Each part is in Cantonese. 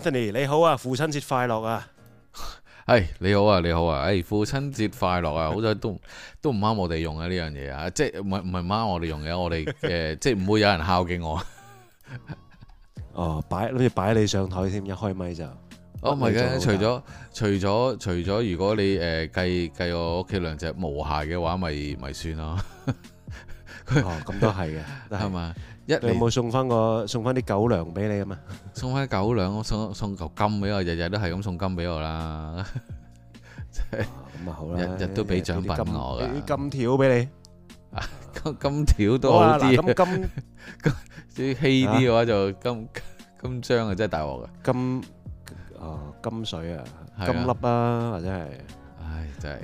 Anthony 你好啊，父親節快樂啊！哎，你好啊，你好啊，哎，父親節快樂啊！好在都都唔啱我哋用啊呢 樣嘢啊，即係唔係唔係啱我哋用嘅，我哋誒、 呃、即係唔會有人孝敬我。哦，擺諗住擺你上台添，一開咪就。哦，唔係嘅，除咗除咗除咗，如果你誒計計我屋企兩隻無鞋嘅話，咪咪算咯。 哦，咁都係嘅，係嘛？一，你有冇送翻個送翻啲狗糧俾你啊嘛？送翻狗糧，送送嚿金俾我，日日都係咁送金俾我啦。咁啊好啦，日日都俾獎品我噶，金條俾你。金金條都好啲。咁金啲稀啲嘅話就金金章啊，真係大鑊噶。金哦，金水啊，金粒啊，或者係。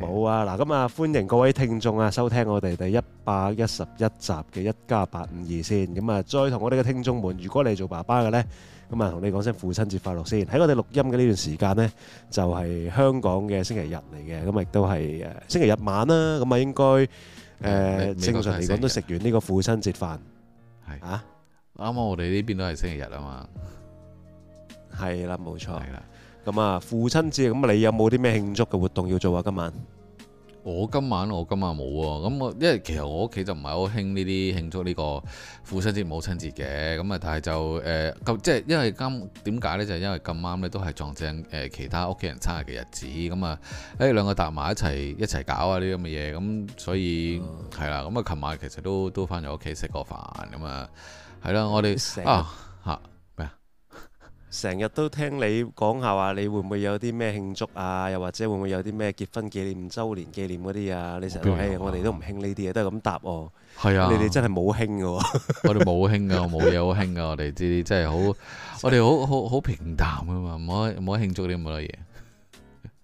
冇啊！嗱，咁啊，歡迎各位聽眾啊，收聽我哋第一百一十一集嘅一家八五二先。咁啊，再同我哋嘅聽眾們，如果你係做爸爸嘅呢，咁啊，同你講聲父親節快樂先。喺我哋錄音嘅呢段時間呢，就係香港嘅星期日嚟嘅，咁啊，亦都係誒星期日晚啦。咁啊，應該誒正常嚟講都食完呢個父親節飯。係啊，啱啱我哋呢邊都係星期日啊嘛。係啦，冇錯。咁啊，父親節咁你有冇啲咩慶祝嘅活動要做啊？今晚我今晚我今晚冇喎，咁我因為其實我屋企就唔係好興呢啲慶祝呢個父親節母親節嘅，咁啊，但係就誒，即、呃、係因為今點解呢？就係因為咁啱咧，都係撞正誒其他屋企人生日嘅日子，咁啊，誒、欸、兩個搭埋一齊一齊搞啊啲咁嘅嘢，咁所以係啦，咁、嗯、啊，琴晚其實都都返咗屋企食過飯，咁啊，係、啊、啦，我哋啊嚇。成日都聽你講下話，你會唔會有啲咩慶祝啊？又或者會唔會有啲咩結婚紀念周年紀念嗰啲啊？你成日、啊哎、都我哋都唔興呢啲嘢，都係咁答、啊、哦。我 我 我 啊，你哋真係冇興嘅。我哋冇興嘅，我冇嘢好興嘅，我哋啲真係好，我哋好好好平淡嘅嘛，唔好唔好慶祝啲咁多嘢。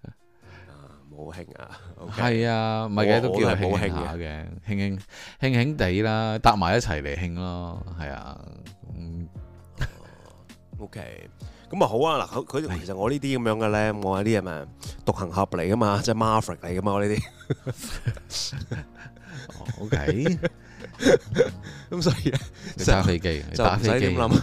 啊，冇、okay、興啊！係啊，唔係嘅都叫係興嘅，興興興興地啦，搭埋一齊嚟慶咯，係啊。O K，咁啊好啊嗱，佢佢其實我呢啲咁樣嘅咧，我呢啲係咪獨行俠嚟噶嘛，即係 Marvel 嚟噶嘛，我呢啲。O K，咁所以就就唔使點諗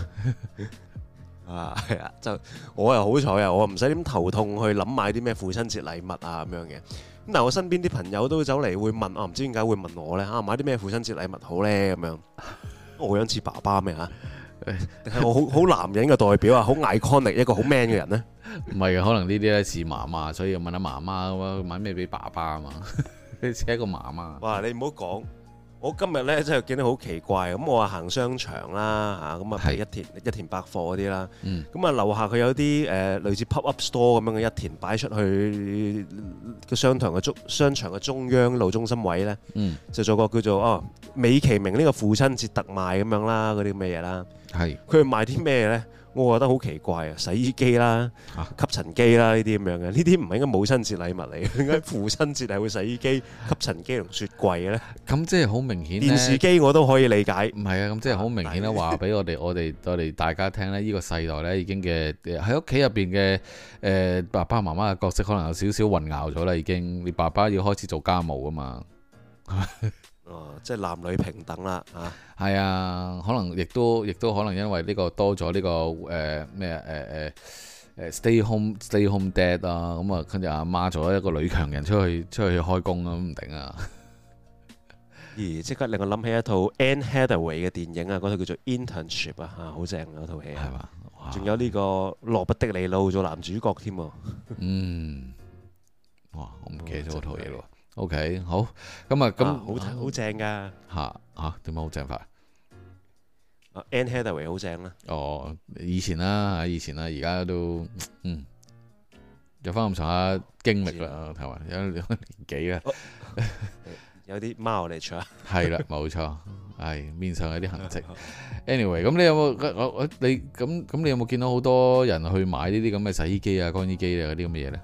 啊，係啊，就我又好彩啊，我唔使點頭痛去諗買啲咩父親節禮物啊咁樣嘅。咁但係我身邊啲朋友都走嚟會問，我唔知點解會問我咧，吓買啲咩父親節禮物好咧咁樣？我樣似爸爸咩吓？係我好好男人嘅代表啊，好 iconic 一個好 man 嘅人咧，唔係啊，可能呢啲咧似媽媽，所以要問下媽媽咁啊，買咩俾爸爸啊嘛，你 似一個媽媽。哇，你唔好講。我今日咧真係見到好奇怪，咁我話行商場啦，嚇，咁啊係一田一田百貨嗰啲啦，咁啊樓下佢有啲誒類似 pop up store 咁樣嘅一田擺出去個商場嘅中商場嘅中央路中心位咧、嗯，就做個叫做哦美其名呢個父親節特賣咁樣啦，嗰啲咁嘅嘢啦，係佢賣啲咩咧？我覺得好奇怪啊！洗衣機啦、吸塵機啦呢啲咁樣嘅，呢啲唔係應該母親節禮物嚟嘅？點解父親節係會洗衣機、吸塵機同雪櫃咧？咁 即係好明顯呢電視機我都可以理解。唔係啊，咁即係好明顯咧，話俾我哋、我哋、我哋大家聽咧，依、呢個世代咧已經嘅喺屋企入邊嘅誒爸爸媽媽嘅角色可能有少少混淆咗啦，已經。你爸爸要開始做家務啊嘛。 哦、即係男女平等啦，吓、啊、係啊，可能亦都亦都可能因為呢個多咗呢、這個誒咩誒誒 stay home stay home dad 啊，咁啊跟住阿媽做一個女強人出去出去開工咁唔定啊，咦即刻令我諗起一套 Anne Hathaway 嘅電影啊，嗰套叫做 Internship 啊，吓，好正啊，套戲係嘛，仲有呢個羅拔迪尼路做男主角添啊，嗯，哇，我唔記得咗套嘢咯。O、okay, K，好，咁啊，咁好，好、啊、正噶，嚇、啊、嚇，點解好正法？Anne Hathaway 好正啦。哦，以前啦嚇，以前啦，而家都，嗯，有翻咁上下經歷啦，係嘛，有年紀啦，哦、 有啲 mileage。係啦，冇錯，係、 哎、面上有啲痕跡。Anyway，咁你有冇？ 我我你咁咁，你，那那你有冇見到好多人去買呢啲咁嘅洗衣機啊、乾衣機啊嗰啲咁嘅嘢咧？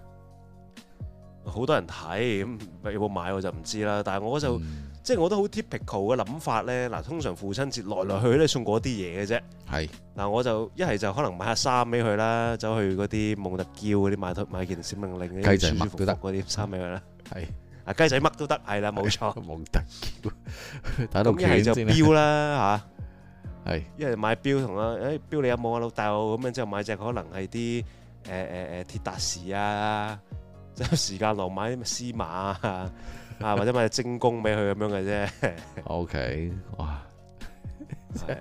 好多人睇咁，有冇買我就唔知啦。但係我就即係我都好 typical 嘅諗法咧。嗱，通常父親節來來去咧送嗰啲嘢嘅啫。係嗱，我就一係就可能買下衫俾佢啦，走去嗰啲夢特嬌嗰啲買套買件小命令，雞仔乜都得嗰啲衫俾佢啦。係啊，雞仔乜都得，係啦，冇錯。夢特嬌，睇到佢先啦。一係就表啦嚇，係一係買表同啊，誒表你有冇啊老豆咁樣，之後買隻可能係啲誒誒誒鐵達時啊。時間時間落買啲司馬啊，啊或者買精工俾佢咁樣嘅啫。 o Okay , K，哇，係 啊，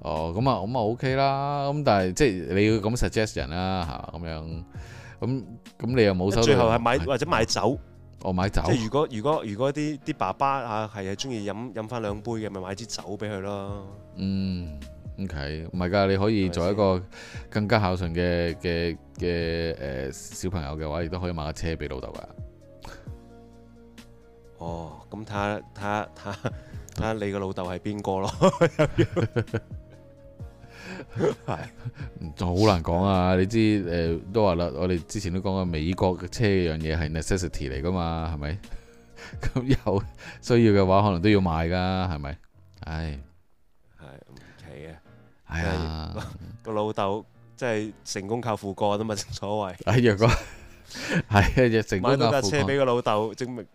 哦咁啊咁啊 O K 啦，咁、OK、但係即係你要咁 suggest 人啦嚇，咁樣咁咁你又冇收。最後係買或者買酒，哦買酒。即、哦、如果如果如果啲啲爸爸嚇係啊中意飲飲翻兩杯嘅，咪買支酒俾佢咯。嗯，O K，唔係㗎，你可以做一個更加孝順嘅嘅。嘅誒、呃，小朋友嘅話，亦都可以買架車俾老豆噶。哦，咁睇下睇下睇下，睇下你個老豆係邊個咯？係，就好難講啊！你知誒、呃，都話啦，我哋之前都講過美國嘅車一樣嘢係 necessity 嚟噶嘛，係咪？咁、 嗯、有需要嘅話，可能都要買噶，係咪？唉、哎，係唔奇啊，係、哎、啊，個老豆。哈哈即係成功靠父過都嘛，正所謂，係如果，係、嗯、如果 成功都係。買到架車俾個老豆，證明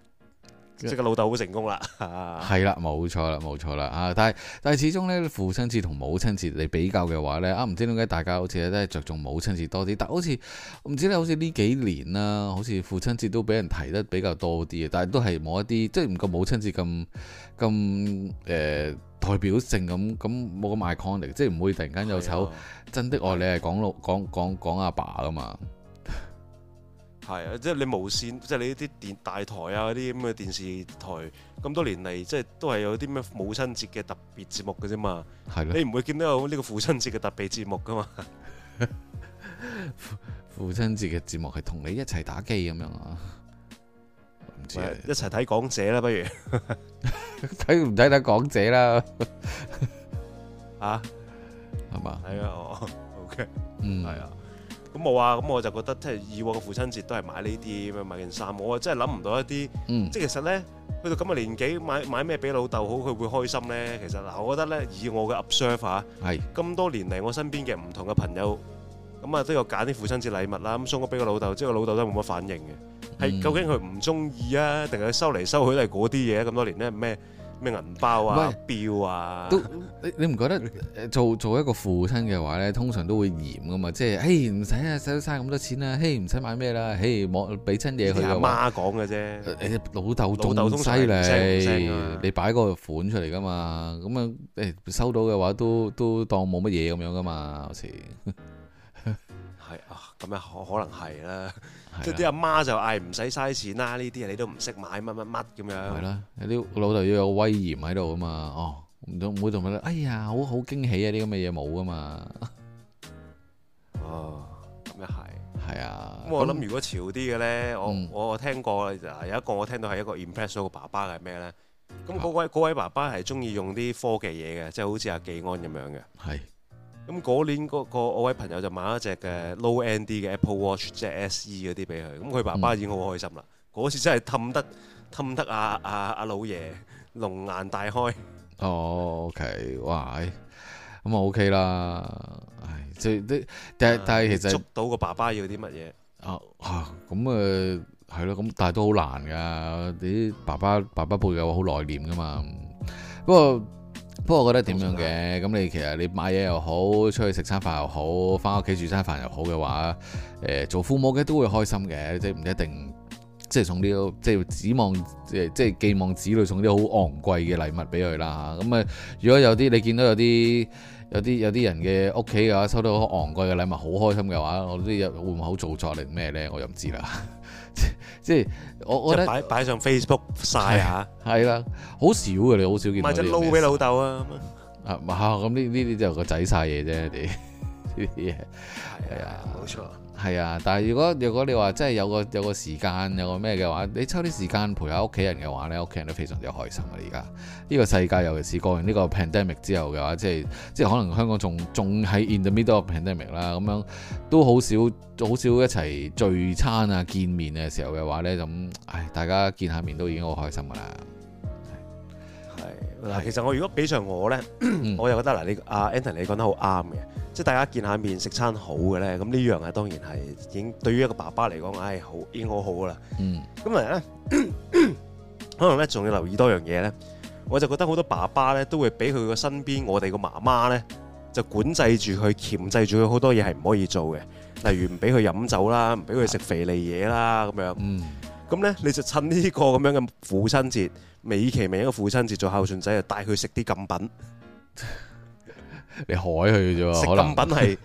即係個老豆好成功啦。係、嗯、啦，冇、嗯、 錯啦，冇錯啦啊！但係但係，始終呢，父親節同母親節嚟比較嘅話呢，啊唔知點解大家好似都係着重母親節多啲。但好似唔知咧，好似呢幾年啦，好似父親節都俾人提得比較多啲嘅。但係都係冇一啲，即係唔夠母親節咁咁誒。代表性咁咁冇咁 iconic 即係唔會突然間有首、啊、真的愛你係講老講講講阿爸啊嘛，係啊，即、就、係、是、你無綫即係、就是、你呢啲電大台啊啲咁嘅電視台咁多年嚟，即、就、係、是、都係有啲咩母親節嘅特別節目噶啫嘛，係咯、啊，你唔會見到有呢個父親節嘅特別節目噶嘛， 父親節嘅節目係同你一齊打機咁樣啊。一齊睇港姐啦，不如睇唔睇睇港姐啦？ 啊，係嘛？係啊，我 OK，嗯，係啊。咁冇啊，咁我就覺得即係、就是、以往嘅父親節都係買呢啲咁樣買件衫。我真係諗唔到一啲、嗯，即係其實咧，去到咁嘅年紀買買咩俾老豆好，佢會開心咧？其實嗱，我覺得咧，以我嘅 observe 係咁多年嚟，我身邊嘅唔同嘅朋友咁啊、嗯，都有揀啲父親節禮物啦。咁送咗俾個老豆，即係個老豆都冇乜反應嘅。係究竟佢唔中意啊？定係收嚟收去都係嗰啲嘢？咁多年咧咩咩銀包啊、錶啊都你你唔覺得做做，做一個父親嘅話咧，通常都會嚴噶嘛？即係嘿唔使啊，使曬咁多錢啦，嘿唔使買咩啦，嘿冇俾親嘢佢阿媽講嘅啫，老豆老豆仲犀利，你擺個款出嚟噶嘛？咁啊誒收到嘅話都都當冇乜嘢咁樣噶嘛？好似。咁啊，可能係啦，即係啲阿媽就嗌唔使嘥錢啦，呢啲你都唔識買乜乜乜咁樣。係啦，啲老豆要有威嚴喺度啊嘛，哦，唔會同佢哋，哎呀，好好驚喜啊！啲咁嘅嘢冇㗎嘛。哦，咁又係。係啊，咁我諗如果潮啲嘅咧，我、嗯、我聽過有一個我聽到係一個 impress 到個爸爸係咩咧？咁嗰位、嗯、嗰位爸爸係中意用啲科技嘢嘅，即係好似阿記安咁樣嘅。係。咁嗰年嗰個位朋友就買一隻嘅 low end 嘅 Apple Watch 即係 SE 嗰啲俾佢，咁佢爸爸已經好開心啦。嗰、嗯、次真係氹得氹得啊啊啊老爺龍顏大開。哦，OK，哇，咁啊 OK 啦，唉，即係但係、啊、但係其實捉到個爸爸要啲乜嘢啊咁啊係咯，咁、嗯嗯、但係都好難㗎。啲爸爸爸爸輩嘅話好內斂㗎嘛，不過。不過我覺得點樣嘅？咁你其實你買嘢又好，出去食餐飯又好，翻屋企煮餐飯又好嘅話，誒、呃、做父母嘅都會開心嘅，即係唔一定即係送啲，即係指望即係即係寄望子女送啲好昂貴嘅禮物俾佢啦。咁啊，如果有啲你見到有啲有啲有啲人嘅屋企嘅話，收到好昂貴嘅禮物，好開心嘅話，我都會唔會好做作定咩呢？我又唔知啦。即係我我擺擺上 Facebook 晒下，係啦、啊，好、啊、少嘅你，好少見。買隻撈俾老豆啊！啊嘛，咁呢呢啲就個仔晒嘢啫，你呢啲嘢係啊，冇、啊、錯。 係啊，但係如果如果你話真係有個有個時間有個咩嘅話，你抽啲時間陪下屋企人嘅話咧，屋企人都非常之開心啊。而家呢個世界，尤其是過完呢個 pandemic 之後嘅話，即係即係可能香港仲仲喺 in the middle of pandemic 啦，咁樣都好少好少一齊聚餐啊、見面嘅時候嘅話呢。咁唉，大家見下面都已經好開心㗎喇。係嗱，其實我如果俾上我咧、嗯，我又覺得嗱，你阿 Anthony 你講得好啱嘅，即係大家見下面食餐好嘅咧，咁呢樣啊當然係已經對於一個爸爸嚟講，唉、哎、好已經好好啦。咁嚟咧，可能咧仲要留意多樣嘢咧，我就覺得好多爸爸咧都會俾佢個身邊我哋個媽媽咧就管制住佢，鉗制住佢好多嘢係唔可以做嘅，例如唔俾佢飲酒啦，唔俾佢食肥膩嘢啦咁樣。嗯。咁咧，你就趁呢個咁樣嘅父親節，美其名一個父親節，做孝順仔啊，帶佢食啲禁品。你海去啫，食禁品係，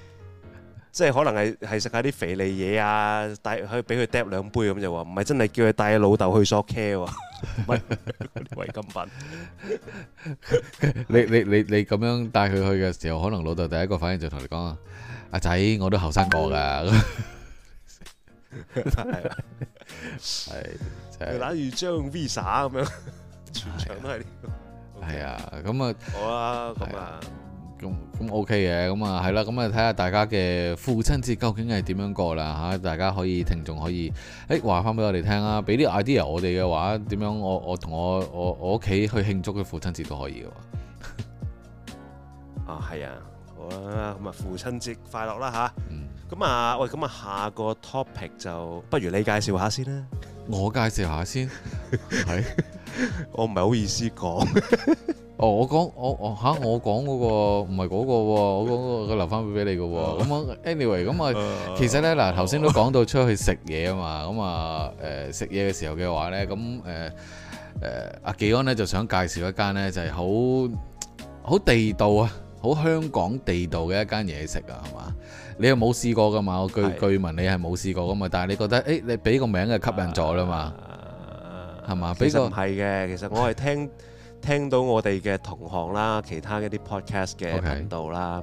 即係可能係係食下啲肥膩嘢，啊，帶去俾佢嗒兩杯咁就話，唔係真係叫佢帶老豆去索 K，唔係違禁品。你你你你咁樣帶佢去嘅時候，可能老豆第一個反應就同你講：阿仔，我都後生過噶。係啦，係，就係。例如將 Visa 咁樣，全場都係呢個。係啊，咁啊，好啊，咁啊，咁咁 OK 嘅，咁啊，係啦，咁啊，睇下大家嘅父親節究竟係點樣過啦吓，大家可以聽眾可以，誒，話翻俾我哋聽啊，俾啲 idea 我哋嘅話，點樣我我同我我我屋企去慶祝佢父親節都可以嘅。啊，係啊。咁啊，父親節快樂啦吓，咁、嗯、啊，喂，咁啊，下個 topic 就不如你介紹下先啦。我介紹下先，係 我唔係好意思講。哦，我講我我嚇，我講嗰個唔係嗰個，我講、嗰個我留翻俾你嘅。咁 我 anyway，咁啊，其實咧嗱，頭先都講到出去食嘢啊嘛。咁啊，誒食嘢嘅時候嘅話咧，咁誒誒阿紀安咧就想介紹一間咧，就係好好地道啊！好香港地道嘅一間嘢食啊，係嘛？你又冇試過㗎嘛？據據聞你係冇試過㗎嘛？但係你覺得誒、欸，你俾個名係吸引咗啦嘛？係、啊、嘛？非常唔係嘅，其實,唔係 其實我係聽聽到我哋嘅同行啦，其他一啲 podcast 嘅頻道啦，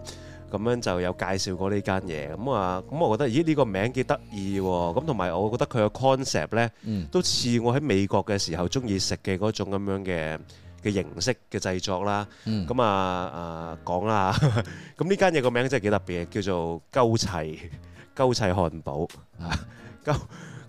咁、okay. 樣就有介紹過呢間嘢咁啊。咁我覺得咦呢、呢個名幾得意喎，咁同埋我覺得佢嘅 concept 呢，都似我喺美國嘅時候中意食嘅嗰種咁樣嘅。嘅形式嘅製作啦，咁啊啊講啦咁呢間嘢個名真係幾特別嘅，叫做鳩砌」。「鳩砌漢堡啊鳩，咁、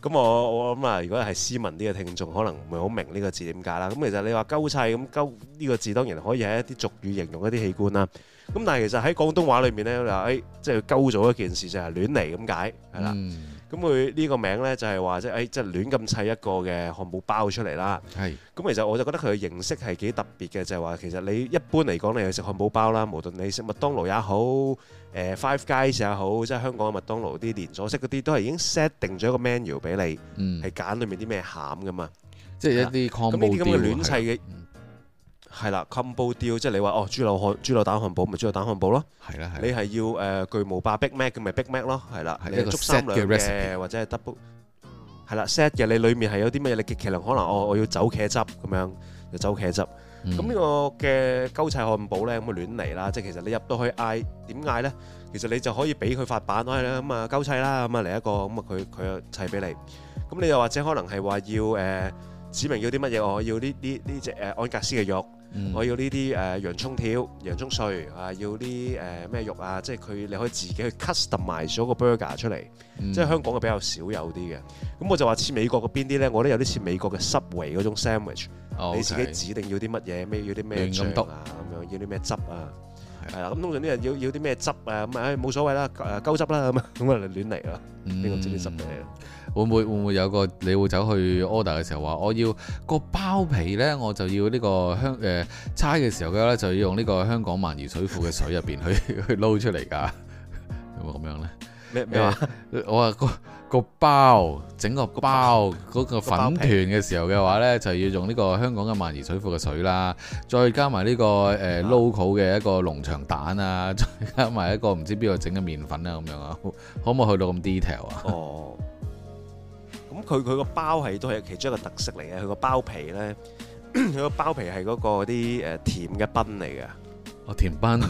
嗯、我我諗啊，如果係斯文啲嘅聽眾，可能唔會好明呢個字點解啦。咁其實你話鳩砌」，咁鳩呢個字，當然可以喺一啲俗語形容一啲器官啦。咁但係其實喺廣東話裏面咧，嗱，誒即係鳩咗一件事就係、是、亂嚟咁解係啦。咁佢呢個名呢，就係話即係即係亂咁砌一個嘅漢堡包出嚟啦。咁其實我就覺得佢嘅形式係幾特別嘅，就係、是、話其實你一般嚟講，你去食漢堡包啦，無論你食麥當勞也好，誒、呃、Five Guys 也好，即、就、係、是、香港嘅麥當勞啲連鎖式嗰啲，都係已經 set 定咗一個 menu 俾你，係、嗯、揀裡面啲咩餡噶嘛。即、就、係、是、一啲咁呢啲咁嘅亂砌嘅。係啦，combo deal 即係你話哦，豬柳漢豬柳蛋漢堡，咪豬柳蛋漢堡咯。係啦，係。你係要誒巨無霸 Big Mac，咁咪 Big Mac 咯。係啦，係一個 set 嘅或者係 double。係啦，set 嘅你裡面係有啲乜嘢？你極其量可能哦，我要走茄汁咁樣，就走茄汁。咁呢個嘅勾砌漢堡咧，咁啊亂嚟啦。即係其實你入到去嗌點嗌咧，其實你就可以俾佢發辦啊啦。咁啊勾砌啦，咁啊嚟一個咁啊佢佢砌俾你。咁你又或者可能係話要誒指明要啲乜嘢？我要呢呢呢隻誒安格斯嘅肉。嗯、我要呢啲誒洋葱條、洋葱碎啊，要啲誒咩肉啊，即係佢你可以自己去 customize 咗個 burger 出嚟、嗯，即係香港嘅比較少有啲嘅。咁我就話似美國嗰邊啲咧，我覺得有啲似美國嘅 Subway 嗰種 sandwich，okay, 你自己指定要啲乜嘢，咩要啲咩醬啊，咁樣要啲咩汁啊，係啊，咁通常啲人要要啲咩汁啊，咁啊冇所謂啦，誒溝汁啦咁啊，咁 啊亂嚟啦，邊個知啲汁畀你？會唔會會唔會有個你會走去 order 嘅時候話我要個包皮呢？我就要呢個香誒差嘅時候嘅呢，就要用呢個香港萬宜水庫嘅水入邊去 去撈出嚟㗎，有冇咁樣呢？咩咩、呃、 我話、那個個包整個包嗰 個粉團嘅時候嘅話呢，就要用呢個香港嘅萬宜水庫嘅水啦，再加埋呢、這個誒、呃、local 嘅一個農場蛋啊，再加埋一個唔知邊度整嘅麵粉啊咁樣啊，可唔可以去到咁 detail 啊？哦、oh。佢佢個包係都係其中一個特色嚟嘅，佢個包皮咧，佢個包皮係嗰個啲誒甜嘅 bun 嚟嘅，哦、甜 bun，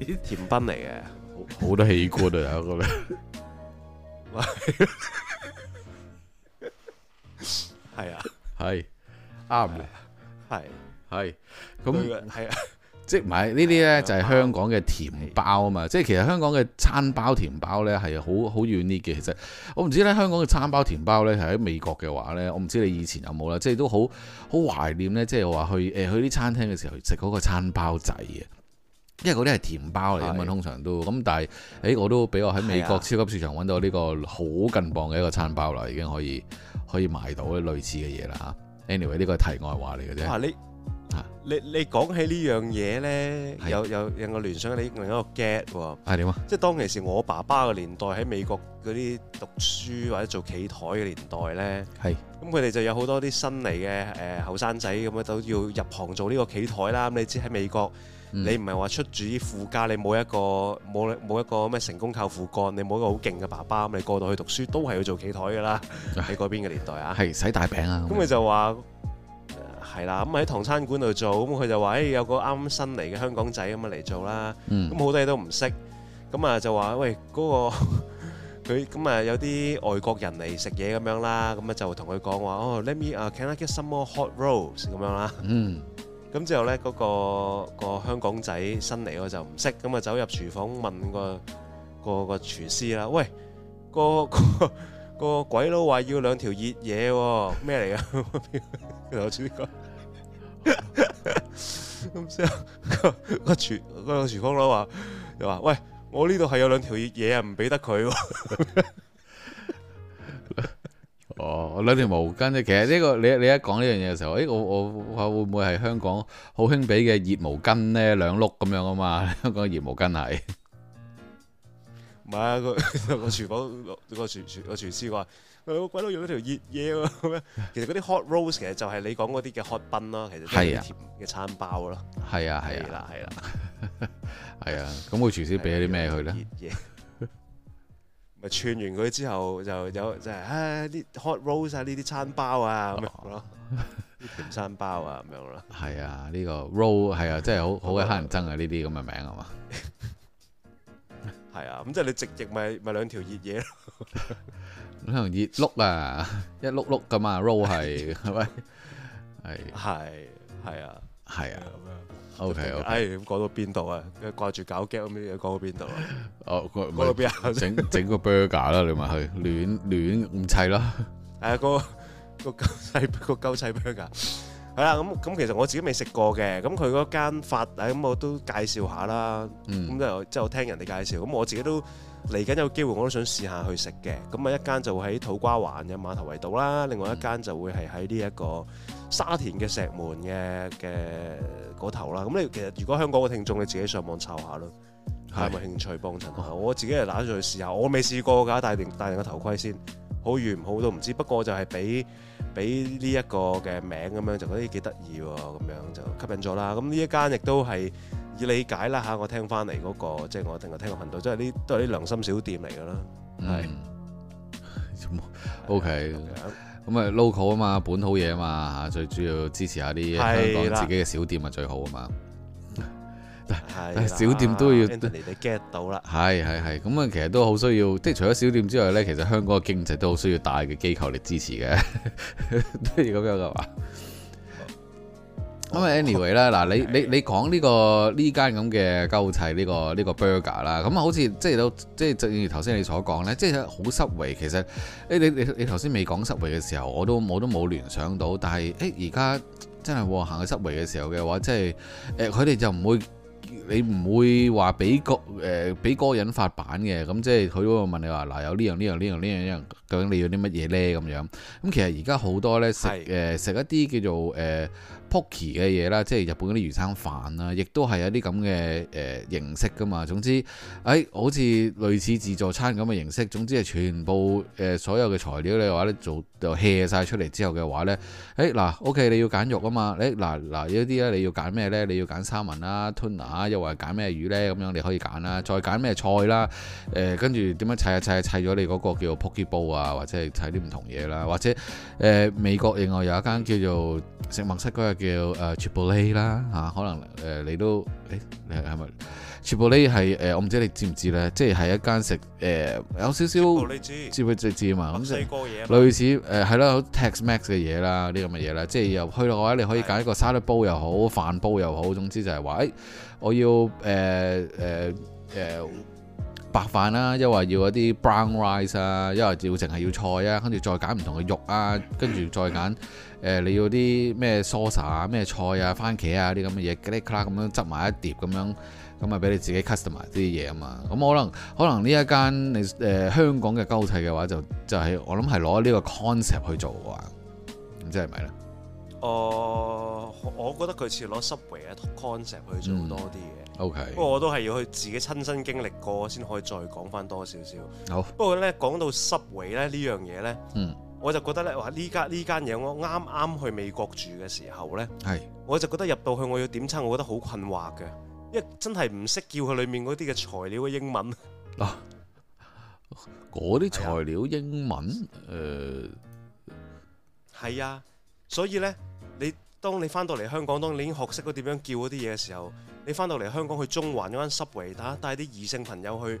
啲甜 bun 嚟嘅，好多器官啊，嗰啲，係啊，係啱嘅，係係咁，係啊。即係唔係呢啲呢就係香港嘅甜包啊嘛！即係其實香港嘅餐包甜包呢係好好遠啲嘅。其實我唔知呢，香港嘅餐包甜包呢係喺美國嘅話呢，我唔知你以前有冇啦。即係都好好懷念呢，即係我話去誒去啲餐廳嘅時候食嗰個餐包仔啊，因為嗰啲係甜包嚟咁通常都咁。但係誒我都俾我喺美國超級市場揾到呢個好近磅嘅一個餐包啦，已經可以可以買到啲類似嘅嘢啦 Anyway 呢個題外話嚟嘅啫。你你講起呢樣嘢呢，有有另外聯想你另一個 get 喎。係點啊？即係當其時我爸爸嘅年代喺美國嗰啲讀書或者做企台嘅年代呢，係咁佢哋就有好多啲新嚟嘅誒後生仔咁樣都要入行做呢個企台啦。咁你知喺美國你不是說，你唔係話出自於富家，你冇一個冇冇、嗯、一個咩成功靠父幹，你冇一個好勁嘅爸爸，咁你過度去，去讀書都係要做企台噶啦。喺 嗰邊嘅年代啊，係洗大餅啊。咁、嗯、佢就話。係啦，咁喺唐餐館度做，咁佢就話：誒有個啱啱新嚟嘅香港仔咁啊嚟做啦，咁好多嘢都唔識，咁啊就話：喂，嗰個佢咁啊有啲外國人嚟食嘢咁樣啦，咁啊就同佢講話：哦，let me 啊，can I get some more hot rolls？咁樣啦，嗯，咁之後咧，嗰個個香港仔新嚟我就唔識，咁啊走入廚房問個個個廚師啦：喂，個個個鬼佬話要兩條熱嘢喎，咩嚟㗎？頭先講。咁之後個廚個個廚房佬話又話：喂，我呢度係有兩條嘢啊，唔俾得佢。哦，兩條毛巾啫。其實呢個你你一講呢樣嘢嘅時候，誒，我我會唔會係香港好興俾嘅熱毛巾呢？兩碌咁樣啊嘛，香港熱毛巾係。唔係啊，個個廚房個個廚廚個廚師話。鬼佬用咗條熱嘢喎，咁樣其實嗰啲 hot rolls 其實就係你講嗰啲嘅 hot bun 啦，其實即係甜嘅餐包咯，係啊係啦係啦，係啊。咁、啊、個、啊啊啊啊、廚師俾啲咩佢咧？咪、啊那個、串完佢之後就有即係啊 hot roll 啊，呢啲餐包啊咁樣咯，啲甜餐包啊咁樣咯。係啊，呢、呢個 roll 係啊，即係好好乞人憎啊！呢啲咁嘅名啊嘛？係、就是就是、啊，咁即係你直譯咪咪兩條熱嘢咯。你同熱碌啦，一碌碌噶嘛，roll 係係咪？係係係啊，係啊，咁樣。O K O K，唉，咁講到邊度啊？跟住掛住搞 get 咁樣，講到邊度啊？哦，講到邊啊？整整個 burger 啦，你咪去亂亂咁砌咯。係個個夠砌個夠砌 burger，係啊，咁咁其實我自己未食過嘅，咁佢嗰間法啊，咁我都介紹下啦。嗯，咁即係即係我聽人哋介紹，咁我自己都。嚟緊有機會我都想試下去食嘅，咁啊一間就會喺土瓜灣嘅碼頭圍道啦，另外一間就會係喺呢一個沙田嘅石門嘅嘅嗰頭啦。咁你其實如果香港嘅聽眾，你自己上網查下咯，有冇興趣幫襯下？我自己嚟打咗去試下，我未試過㗎，戴定戴定個頭盔先，好與唔好都唔知。不過就係俾俾呢一個嘅名咁樣，就覺得幾得意喎，咁樣就吸引咗啦。咁呢一間亦都係。以理解啦嚇，我聽翻嚟嗰個，即係我成日聽個頻道，即係啲都係啲良心小店嚟噶啦，係、嗯。O K，咁啊，local 啊嘛，本土嘢啊嘛嚇，最主要支持下啲香港自己嘅小店啊，最好啊嘛。但係小店都要嚟，你 get 到啦。係係係，咁啊，其實都好需要，即係除咗小店之外咧，其實香港嘅經濟都好需要大嘅機構嚟支持嘅， 都要咁這樣嘅嘛。 咁啊，anyway 啦，嗱，你你你講呢個呢間咁嘅鳩砌呢個呢、這個 burger 啦，咁、就、啊、是，好似即係都即係正如頭先你所講咧，即係好 Subway。其實誒，你你你頭先未講 Subway 嘅時候，我都我都冇聯想到。但係誒，而、欸、家真係行去 Subway 嘅時候嘅話，即係誒，佢、呃、哋就唔會你唔會話俾個誒俾個人發版嘅。咁即係佢會問你話嗱、呃，有、這個這個這個這個、有呢樣呢樣呢樣呢樣，究竟你要啲乜嘢咧？咁樣咁其實而家好多咧食誒食一啲叫做誒。呃 Poke 嘅嘢啦，即係日本嗰啲魚生飯啊，亦都係有啲咁嘅誒形式㗎嘛。總之，誒、哎、好似類似自助餐咁嘅形式。總之係全部誒、呃、所有嘅材料你話咧做就 h e 晒出嚟之後嘅話呢。誒、哎、嗱 OK，你要揀肉啊嘛。誒嗱嗱呢啲咧，你要揀咩呢？你要揀三文啦 tuna 又或係揀咩魚呢？咁樣你可以揀啦、啊，再揀咩菜啦、啊。誒跟住點樣砌啊砌啊砌咗？你嗰個叫做 Poke 煲啊，或者係砌啲唔同嘢啦、啊，或者誒、呃、美國另外有一間叫做食墨西哥叫誒 Chipotle 啦嚇、啊，可能誒、呃、你都誒、欸、你係咪 Chipotle 係我唔知你知唔知咧？即、就、係、是、一間食誒有少少，知唔知？知唔知啊？類似誒係咯，Tex-Mex 嘅嘢啦，呢咁嘅嘢啦，即係又去到嘅話，你可以揀一個沙律煲又好，飯煲又好，總之就係話、欸、我要誒誒誒白飯啦、啊，因為要一啲 brown rice 啊，因為要淨係要菜啊，跟住再揀唔同嘅肉啊，跟住再揀。誒、呃、你要啲咩 sauce 啊、咩菜啊、番茄啊啲咁嘅嘢，click 啦咁樣執埋一碟咁樣，咁啊俾你自己 custom 埋啲嘢啊嘛。咁可能可能呢一間你誒、呃、香港嘅交替嘅話就，就就是、係我諗係攞呢個 concept 去做啊。唔知係咪咧？哦、呃，我覺得佢似攞 subway 嘅 concept 去做多啲嘢、嗯。OK。不過我都係要去自己親身經歷過先可以再講翻多少少。好。不過咧講到 subway 咧呢樣嘢咧，嗯。我就覺得咧，我話呢間呢間嘢我啱啱去美國住嘅時候咧，我就覺得入到去我要點餐，我覺得好困惑嘅，因為真係唔識叫佢裏面嗰啲嘅材料嘅英文。嗱、啊，嗰啲材料英文，誒、啊，係、嗯、啊，所以咧，你當你翻到嚟香港，當你已經學識咗點樣叫嗰啲嘢嘅時候，你翻到嚟香港去中環嗰間濕維達帶啲異性朋友去。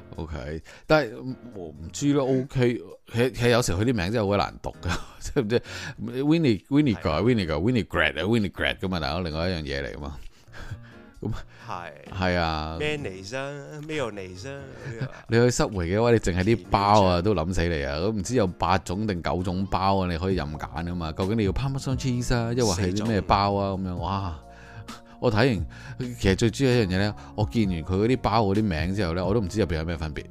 O K，但係我唔知咯。O K，其其實有時佢啲名真係好難讀噶，即係唔知？Winnie，Winnie 哥，Winnie 哥，Winnie Grant，Winnie Grant 噶嘛？大佬，另外一樣嘢嚟啊嘛。咁係係啊。Manis 啊，Milanis 啊。你去塞回嘅話，你淨係啲包啊都諗死你啊！咁唔知有八種定九種包啊？你可以任揀噶嘛？究竟你要 Parmesan cheese 啊，抑或係啲咩包啊？咁樣哇！我睇完，其實最主要一樣嘢咧，我見完佢嗰啲包嗰啲名之後咧，我都唔知入邊有咩分別。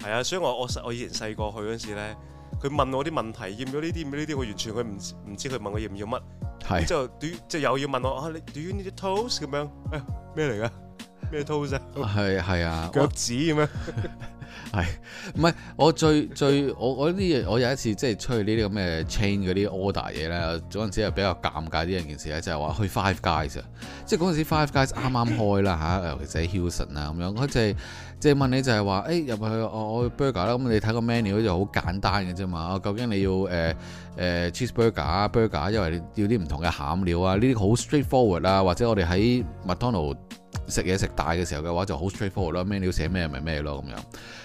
係啊，所以我我我以前細個去嗰陣時咧，佢問我啲問題，要唔要呢啲呢啲，我完全佢唔唔知佢問我要唔要乜。係。之後對，即係又要問我啊，你對於呢啲 toes 咁樣，咩嚟㗎？咩 toes 啊？係係啊，腳趾咁樣。 係，唔係我最最我我呢啲嘢，我有一次即係出去呢啲咁嘅 chain 嗰啲 order 嘢咧，嗰陣時又比較尷尬啲嘅一件事咧，就係、是、話去 Five Guys 啊，即係嗰陣時 Five Guys 啱啱開啦嚇，尤其是喺 Houston 啊咁樣，佢即係即係問你就係話，誒、哎、入去我我去 burger 啦、嗯，咁你睇個 menu 就好簡單嘅啫嘛，究竟你要誒誒、呃呃、cheese burger 啊 burger，因為你要啲唔同嘅餡料啊，呢啲好 straightforward 啦，或者我哋喺麥當勞食嘢食大嘅時候嘅話就好 straightforward 啦，menu 寫咩咪咩咯咁樣。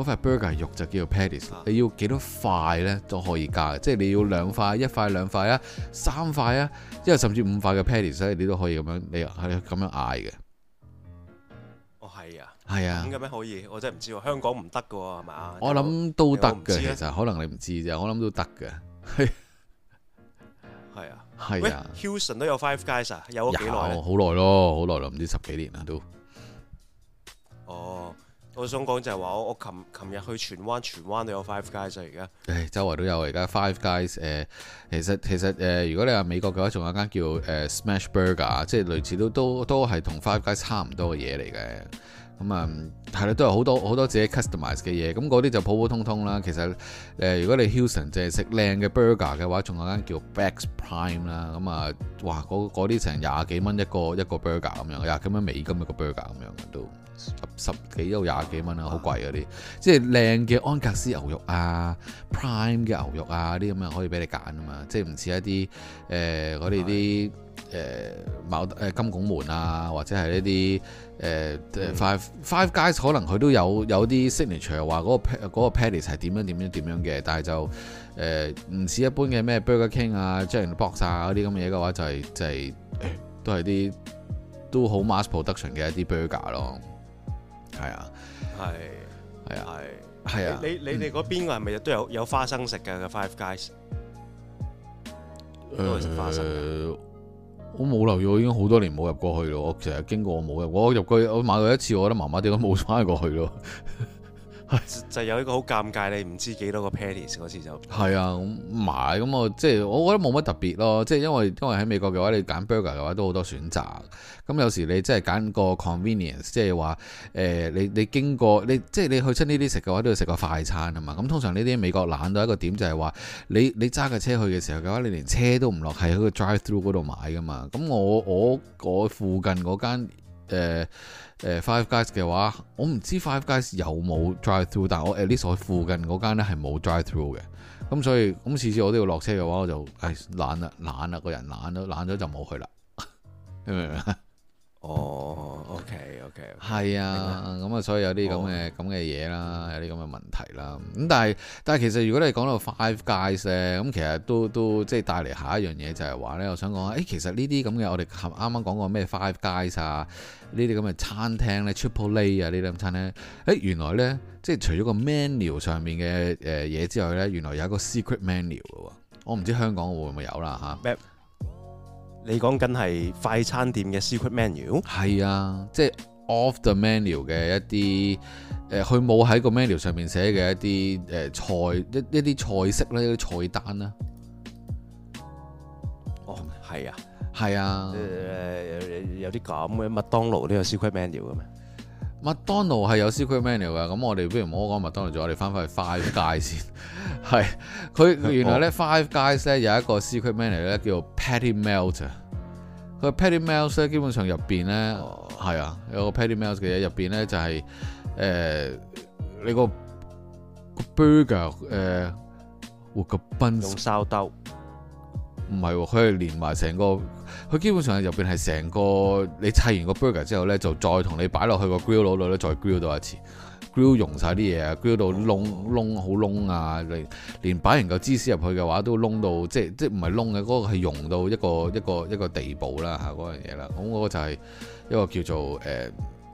嗰塊 burger 肉就叫做 patty，你要幾多塊咧都可以加，啊、即係你要兩塊、一塊、兩塊啊、三塊啊，即係甚至五塊嘅 patty，所以你都可以咁樣，你係咁樣嗌嘅。哦，係啊，係啊，點解咁樣可以？我真係唔知喎，香港唔得嘅喎係咪？我諗都得嘅，其實可能你唔知啫。我諗都得嘅，係， 啊，係啊。Hilton 都有 five guys 啊？有咗幾耐？好耐咯，好耐咯，唔知十幾年啦都。哦。我想講就係話，我琴琴日去荃灣，荃灣都有 Five Guys 而、啊、家。誒、哎，周圍都有而家 Five Guys、呃。其實其實誒、呃，如果你話美國嘅話，仲有間叫誒、呃、Smash Burger，即係類似都都都係同 Five Guys 差唔多嘅嘢嚟嘅。咁、嗯、啊，係、嗯、啦，都有好多好多自己 customize 嘅嘢。咁嗰啲就普普通通啦。其實誒、呃，如果你 Hilton 淨係食靚嘅 burger 嘅話，仲有間叫 Bex Prime 啦。咁、嗯、啊，哇、嗯，嗰啲成廿幾蚊一個一個 burger 咁樣，廿幾蚊美金一個 burger 咁樣都。十十幾到廿幾蚊啊，好貴嗰啲，即係靚嘅安格斯牛肉啊，prime 嘅牛肉啊，啲咁樣可以俾你揀啊嘛，即係唔似一啲誒我哋啲誒某誒金拱門啊，或者係一啲誒、呃嗯、five five guys 可能佢都有有啲 signature 話嗰、嗰個、嗰個、palace 係點樣點樣點樣嘅，但係就誒唔似一般嘅咩 burger king 啊 jane box 啊嗰啲咁嘅嘢嘅話就係、係、就係、係哎、都係啲都好 mass production 嘅一啲 burger 咯。係啊，係，係啊，係、啊，係啊，你啊你哋嗰邊個係咪都有有花生食噶 ？Five Guys？都係食花生的、呃。我冇留意我已經好多年冇入過去咯。我成日經過我沒，我冇入過。我入過，我買過一次，我覺得麻麻地都冇翻過去咯。 就是、有一個好尷尬，你唔知幾多個 patties 嗰次就係啊，唔買咁我即係我覺得冇乜特別咯，即係因為因為喺美國嘅話，你揀 burger 嘅話都好多選擇，咁有時你真係揀個 convenience，即係話、呃、你你經過你即係你去親呢啲食嘅話都要食個快餐啊嘛，咁通常呢啲美國懶到一個點就係話你你揸架車去嘅時候嘅話，你連車都唔落，係喺個 drive through 嗰度買噶嘛，咁我我我附近嗰間。誒、uh, 誒、uh, Five Guys 嘅話，我唔知 Five Guys 有冇 drive through，但係我 at least 呢所附近嗰間咧係冇 drive through 嘅，咁所以咁次次我都要落車嘅話，我就誒懶啦懶啦，個人懶咗懶咗就冇去啦， 明唔明哦。Oh. 係、okay, okay, 啊，咁啊、嗯，所以有啲咁嘅咁嘅嘢啦，有啲咁嘅問題啦。咁、嗯、但係但係，其實如果你講到 Five Guys，咁其實都都即係帶嚟下一樣嘢，就係話咧，我想講，誒、欸，其實呢啲咁嘅我哋啱啱講過咩 Five Guys 啊，呢啲咁嘅餐廳咧，Triple A 啊，呢啲咁餐廳咧，誒、欸，原來咧即係除咗個 menu 上面嘅誒嘢之外咧，原來有一個 secret menu 嘅、啊，我唔知香港會唔會有啦、啊、吓、啊。你講緊係快餐店嘅 secret menu？係啊，即係。Off the menu 嘅一啲，誒佢冇喺個 menu 上面寫嘅一啲誒、呃、菜一一啲菜式咧，一啲菜單啦。哦，係啊，係啊，誒、呃、有啲咁嘅麥當勞都有 secret menu 嘅咩？麥當勞係有 secret menu 嘅，咁我哋不如唔好講麥當勞，我哋翻返去 Five 街先。係， 佢原來咧、oh. Five 街咧有一個 secret menu 咧叫 Patty Melt。佢 patty melts 咧，基本上入邊咧，係、呃、啊，有個 patty melts 嘅嘢入邊咧，面就係、是、誒、呃、你、那個 burger 誒、呃，會個 bun 燒兜，唔係喎，佢係連埋成個，佢基本上入邊係成個你砌完個 burger 之後咧，就再同你擺落去個 grill 爐度咧，再 grill 多一次。gel 溶晒啲嘢啊，gel 到燶燶好燶啊，連連擺成嚿芝士入去嘅話都燶到，即係即係唔係燶嘅，嗰、那個係溶到一個一個一個地步啦嚇嗰樣嘢啦。咁、那、嗰個就係一個叫做誒呢、呃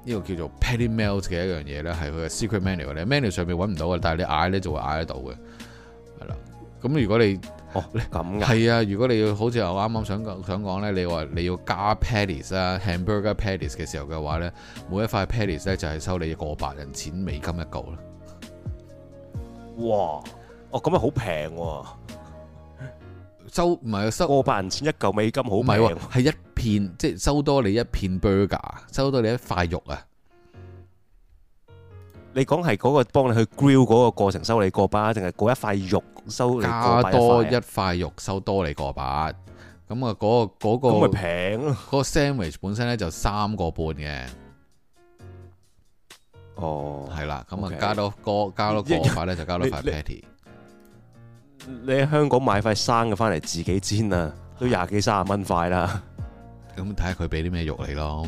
這個叫做 patty melt 嘅一樣嘢咧，係佢嘅 secret menu 咧，menu 上面揾唔到嘅，但係你嗌咧就會嗌得到嘅，係啦。咁如果你哦，你咁噶？係啊，如果你要好似我啱啱想講想講咧，你話你要加 patty 啊，hamburger patty 嘅時候嘅話咧，每一塊 patty 咧就係收你個百人錢美金一嚿啦。哇，哦咁啊好平，收唔係、啊、收個百人錢一嚿美金好平，啊、係、啊、一片即係、就是、收多你一片 burger，收多你一塊肉啊。你講係嗰個幫你去 grill 嗰個過程收你個板，定係嗰一塊肉收？加多一塊肉收多你個板。咁啊，嗰嗰個咁咪平咯。嗰個 sandwich 本身咧就三個半嘅。哦，係啦，咁啊加多個加多個塊咧就加多塊 patty。你喺香港買塊生嘅翻嚟自己煎啊，都廿幾卅蚊塊啦。咁睇下佢俾啲咩肉嚟咯。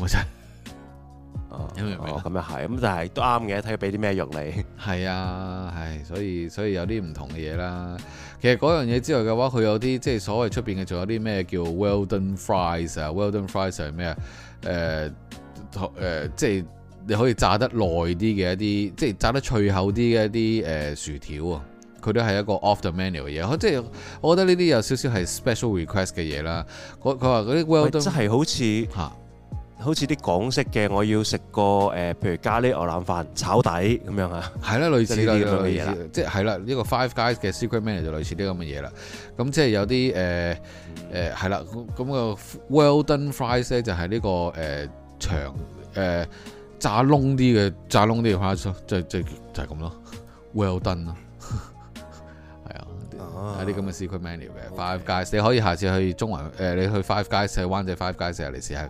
咁又係，咁就係都啱嘅，睇佢俾啲咩肉你。係啊，係，所以所以有啲唔同嘅嘢啦。其實嗰樣嘢之外嘅話，佢有啲即係所謂出邊嘅，仲有啲咩叫 Well done fries 啊？Well done fries 係咩啊？誒、呃、誒、呃，即係你可以炸得耐啲嘅一啲，即係炸得脆口啲嘅一啲誒、呃、薯條啊。佢都係一個 off the menu 嘅嘢，即係我覺得呢啲有少少係 special request 嘅嘢啦。佢話嗰啲 well done 係好似嚇。啊好似啲港式嘅，我要食個誒、呃，譬如咖喱牛腩飯炒底咁樣啊，係啦，類似啦、就是，類嘢啦，即係係啦。呢、這個 Five Guys 嘅 secret menu 就類似啲咁嘅嘢啦。咁即係有啲誒誒係啦。咁、呃、個、嗯呃、Well Done Fries 咧就係、是、呢、這個誒長誒炸窿啲嘅炸窿啲嘅 fries，即即就係咁咯。Well Done 啊，係啊，係啲咁嘅 secret menu 嘅 Five Guys。你可以下次去中環誒、呃，你去 Five Guys 去灣仔 Five Guys 嚟試下。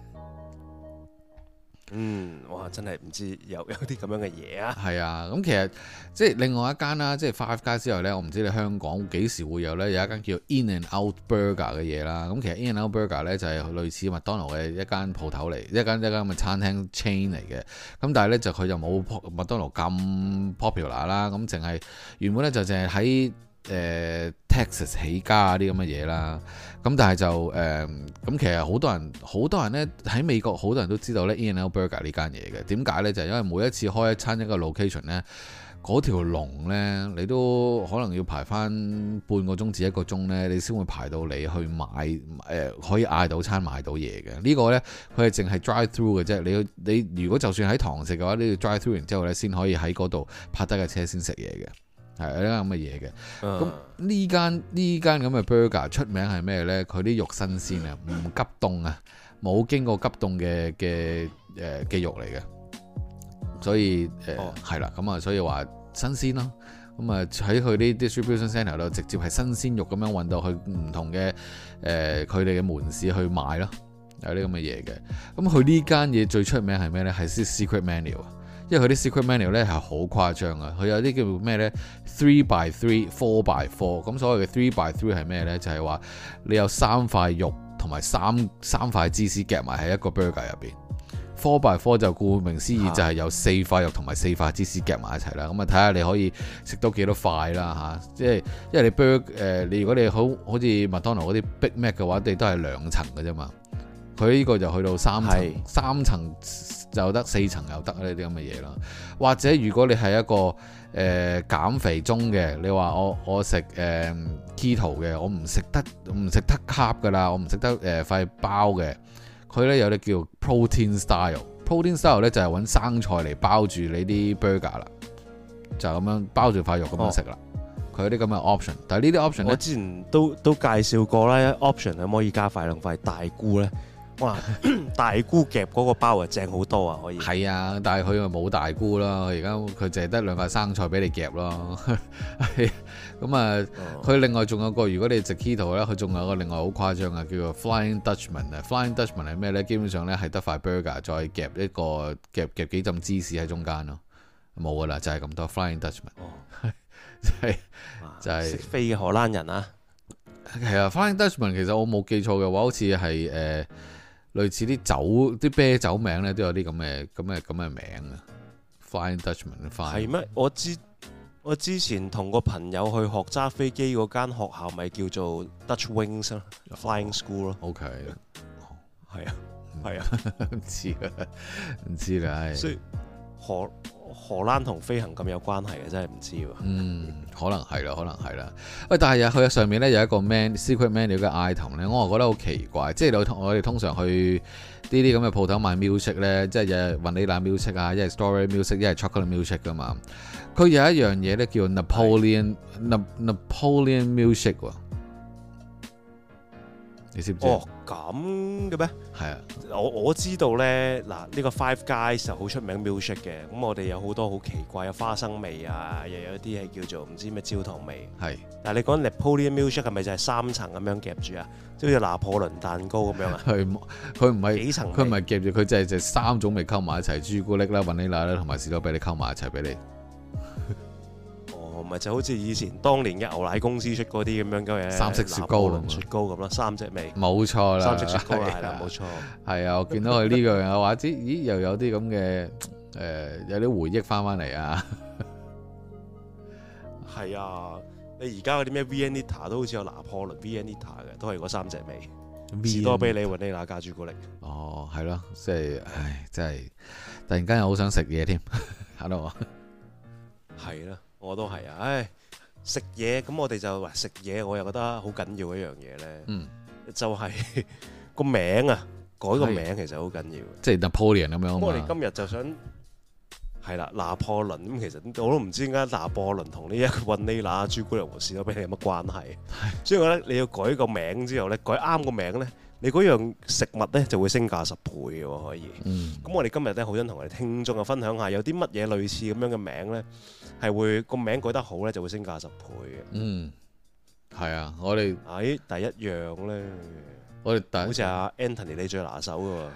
嗯，哇！真係唔知有有啲咁樣嘅嘢啊，係啊，咁其實即係另外一間啦，即係 Five 街之外呢，我唔知你香港幾時會有呢。有一間叫 In and Out Burger 嘅嘢啦。咁其實 In and Out Burger 呢，就係類似麥當勞嘅一間店嚟，一間一間嘅餐廳 chain 嚟嘅。咁但係呢，就佢又冇麥當勞咁 popular 啦，咁淨係原本呢，就淨係喺。誒、呃、Texas 起家啲咁嘅嘢啦，咁但係就誒咁，呃、其實好多人好多人呢，喺美國，好多人都知道呢 In-N-Out Burger 呢間嘢嘅。點解呢？就係、是、因為每一次開一餐一個 location 呢，嗰條龍呢，你都可能要排翻半個鐘至一個鐘呢，你先會排到你去買，買、呃、可以嗌到餐買到嘢嘅。呢、這個呢，佢係淨係 drive through 嘅啫。你你如果就算喺堂食嘅話，你要 drive through 完之後呢，先可以喺嗰度泊低架車先食嘢嘅。係呢啲咁嘅嘢嘅，咁、uh. 呢間呢間咁嘅 burger 出名係咩呢？佢啲肉新鮮啊，唔急凍啊，冇經過急凍嘅嘅誒嘅肉嚟嘅，所以誒係啦，咁、呃、啊，oh. 所以話新鮮咯，咁啊喺佢啲 distribution center 度直接係新鮮肉咁樣運到去唔同嘅誒佢哋嘅門市去買咯，有啲咁嘅嘢嘅，咁佢呢間嘢最出名係咩呢？係 secret menu。因為佢啲 secret menu 咧係好誇張啊！佢有啲叫咩呢 Three by three，four by four。咁所謂嘅 three by three 係咩呢？就係、是、話你有三塊肉同埋三三塊芝士夾埋喺一個 burger 入邊。Four by four 就顧名思義就係有四塊肉同埋四塊芝士夾埋一齊啦。咁啊睇下你可以食到幾多塊啦嚇！即、啊、係因為你 burger 誒、呃，你如果你好好似麥當勞嗰啲 big mac 嘅話，你都係兩層嘅啫嘛。佢呢個就去到三層，三層就得，四層又得呢啲咁嘅嘢啦。或者如果你係一個誒、呃、減肥中嘅，你話我我食誒 keto 嘅，我唔食得唔食得 carb 噶啦，我唔食得誒、呃、塊包嘅。佢呢有啲叫 protein style，protein style 呢、mm-hmm. style 就係揾生菜嚟包住你啲 burger 啦，就咁樣包住塊肉咁樣食啦。佢、oh. 有啲咁嘅 option，但係呢啲 option 我之前都都介紹過啦。option 可唔可以加快兩塊大菇呢？哇！大姑夾嗰個包啊，正好多啊，可以。係 啊，但係佢又冇大姑啦。而家佢淨係得兩塊生菜俾你夾咯。咁 啊、嗯，佢、 嗯哦、另外仲有個，如果你食 keto 咧，佢仲有個另外好誇張啊，叫做 Flying Dutchman 啊、嗯。Flying Dutchman 係咩咧？基本上咧係得塊 burger 再夾一個夾夾幾浸芝士喺中間咯，冇噶啦，就係、是、咁多。Flying Dutchman 哦，係 就係食、就是、飛荷蘭人啊。係 啊，Flying Dutchman 其實我冇記錯嘅話，好似係誒。嗯類似啲酒啲啤酒名咧，都有啲咁嘅咁嘅咁嘅名啊。Fine Dutchman，Fine 係咩？我之我之前同個朋友去學揸飛機嗰間學校，咪叫做 Dutch Wings 咯、哦、Flying School 咯。OK，係、哦、啊，係啊，唔 知啊，唔知啦、哎。所以可。荷蘭同飛行咁有關係嘅，真係唔知喎。嗯，可能係啦，可能係啦。喂，但係啊，佢嘅上面咧有一個 man secret menu 嘅 item 咧，我啊覺得好奇怪。即係我通我哋通常去呢啲咁嘅鋪頭買 music 咧，即係嘢雲尼拿 music 啊，一係 story music，一係 chocolate music 噶嘛。佢有一樣嘢咧，叫 Napoleon Nap Napoleon music 喎。你知唔知？哦，咁嘅咩？係啊，我我知道咧。嗱，呢個 Five Guys 好出名 milkshake 嘅。咁我哋有好多好奇怪嘅花生味啊，又有啲係叫做唔知咩焦糖味。係。但係你講 Napoleon milkshake 係咪就係三層咁樣夾住啊？即係好似拿破崙蛋糕咁樣啊？係，佢唔係幾層？佢唔係夾住，佢就係就三種味溝埋一齊，朱古力啦、雲、啊、尼拿啦，同、啊、埋士多啤梨溝埋一齊俾你。唔係就好似以前當年嘅牛奶公司出嗰啲咁樣嘅三色雪糕、拿破崙雪糕咁咯，三隻味。冇錯啦，三色雪糕啦啊，係啦，冇錯。係啊,啊，我見到佢呢樣嘅話， 咦，又有啲咁嘅誒，有啲回憶翻翻嚟啊。係啊，你而家嗰啲咩 Vianita 都好似有拿破崙 Vianita 嘅，都係嗰三隻味，Vianita, 士多啤梨、雲尼拿加朱古力。哦，係咯、啊，即係，唉，真係突然間又好想食嘢添，嚇到我。係啦、啊。 我都係啊！唉，食嘢咁我哋就話食嘢，我又覺得好緊要一樣嘢咧。嗯，就係個名啊，改個名其實好緊要。即係拿破崙咁樣啊嘛。咁我哋今日就想係啦，拿破崙咁，其實我都唔知點解拿破崙同呢一個雲尼拿朱古力和士多啤梨有乜關係。係，所以我覺得你要改個名之後咧，改啱個名咧，你嗰樣食物咧就會升價十倍嘅可以。嗯。咁我哋今日咧好想同我哋聽眾啊分享下，有啲乜嘢類似咁樣嘅名咧？係會個名改得好咧，就會升價十倍嘅。嗯，係啊，我哋喺第一樣咧，我哋第好似阿 Anthony 你最拿手噶喎。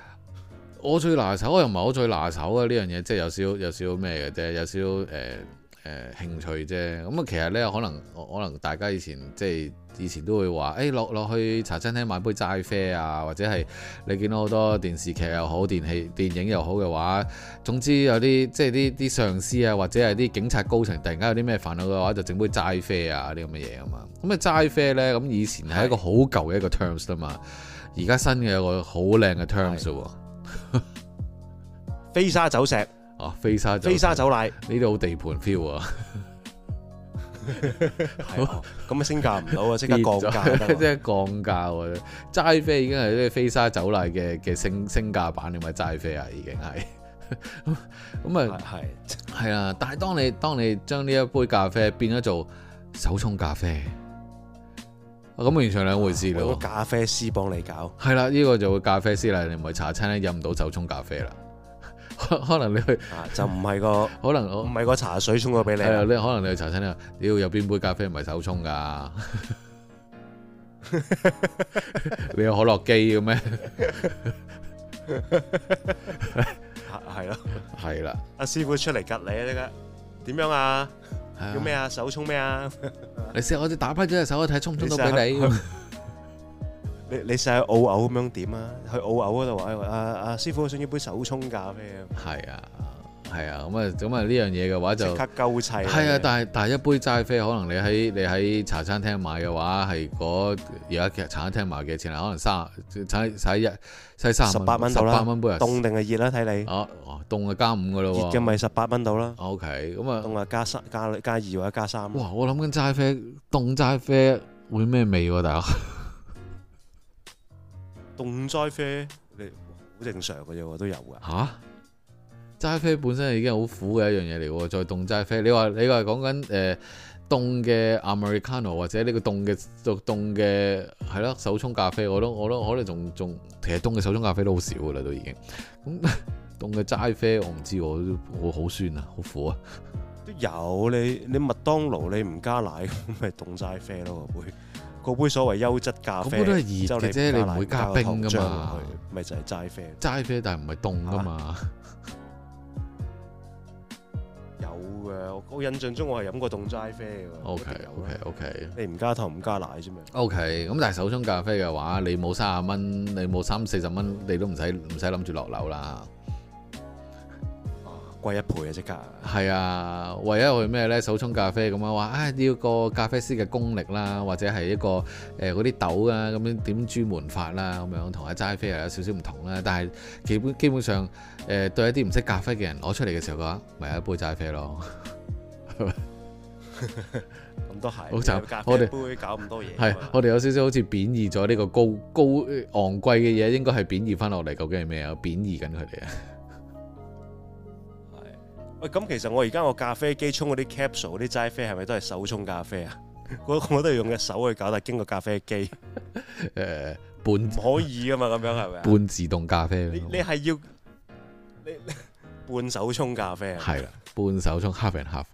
我最拿手，我又唔係我好最拿手啊！呢樣嘢即係有少有少咩嘅啫，有少誒。誒興趣啫，咁啊，其實咧可能可能大家以前即係以前都會話，誒落落去茶餐廳買杯齋啡啊，或者係你見到好多電視劇又好，電器電影又好嘅話，總之有啲即係啲啲上司啊，或者係啲警察高層突然間有啲咩煩惱嘅話，就整杯齋啡啊啲咁嘅嘢啊嘛。咁啊齋啡呢？咁以前係一個好舊嘅一個 terms 啊嘛，而家新嘅有個好靚嘅 terms 喎， 飛沙走石。啊、哦！飛沙走飛沙走奶，呢度好地盤 feel 啊！係咁啊升價唔到啊，即刻降價，即係降價。齋啡已經係啲飛沙走奶嘅嘅升升價版，你咪齋啡啊，已經係咁咁啊，係係啊！但係當你當你將呢一杯咖啡變咗做手沖咖啡，咁、啊、完全兩回事、啊、咖啡師幫你搞係啦，呢、啊這個就會咖啡師嚟，你唔係茶餐廳飲唔到手沖咖啡啦。可能你去就唔係個，可能我唔係個茶水沖過俾你。係啊，你可能你去茶餐廳啊，屌有邊杯咖啡唔係手沖噶？你有可樂機嘅咩？係咯，係啦。阿師傅出嚟吉你啊！點樣啊？叫咩啊？手沖咩啊？你試下我哋打翻咗隻手，我睇沖唔沖到俾你。你成日澳牛咁樣點啊？去澳牛嗰度話：阿阿師傅想要杯手沖咖啡。係啊，係啊，咁啊，咁啊，呢樣嘢嘅話就即刻鳩砌。係啊，但係但係一杯齋啡，可能你喺、嗯、你喺茶餐廳買嘅話，係嗰而家其實茶餐廳買嘅錢啊？可能三十使使一使三十八蚊到啦。十八蚊杯，凍定係熱啦？睇你、啊。哦，凍就加五噶咯喎。熱嘅咪十八蚊到啦。OK，咁啊。凍啊加三加二或者加三。哇！我諗緊齋啡凍齋啡會咩味喎、啊，大佬？凍齋啡，你好正常嘅嘢喎，都有噶。吓，齋啡本身已經好苦嘅一樣嘢嚟喎，再凍齋啡，你話你話講緊誒凍嘅 Americano 或者呢個凍嘅凍嘅係咯手沖咖啡，我都我都，我都可能仲仲其實凍嘅手沖咖啡都好少噶啦，都已經。咁凍嘅齋啡我唔知，我都我好酸啊，好苦啊。都有你你麥當勞你唔加奶咁咪凍齋啡咯，會。嗰杯所謂優質咖啡，咁都係易嘅啫。你唔會加冰㗎嘛？咪就係齋啡，齋啡，但係唔係凍㗎嘛？啊、有嘅，我印象中我係飲過凍齋啡嘅。O K O K O K，你唔加糖唔加奶啫嘛？O K，咁但係手沖咖啡嘅話，你冇三廿蚊，你冇三四十蚊，你都唔使唔使諗住落樓啦。貴一倍啊！即價係啊，為咗佢咩咧？手沖咖啡咁樣話，啊要、呢個咖啡師嘅功力啦，或者係一個誒嗰啲豆啊咁樣點專門法啦，咁樣同阿齋啡又有少少唔同啦。但係基本基本上誒、呃、對一啲唔識咖啡嘅人攞出嚟嘅時候嘅話，咪一杯齋啡咯。咁都係，我哋我哋會搞咁多嘢。係，我哋有少少好似貶義咗呢個高高昂貴嘅嘢，應該係貶義翻落嚟，究竟係咩啊？貶義緊佢哋啊？ 咁其實我而家個咖啡機沖嗰啲 capsule 嗰啲齋啡係咪都係手沖咖啡啊？我我都係用隻手去搞，但係經過咖啡機。誒，半唔可以噶嘛？咁樣係咪啊？半自動咖啡。你係要你半手沖咖啡啊？係啦，半手沖，half and half。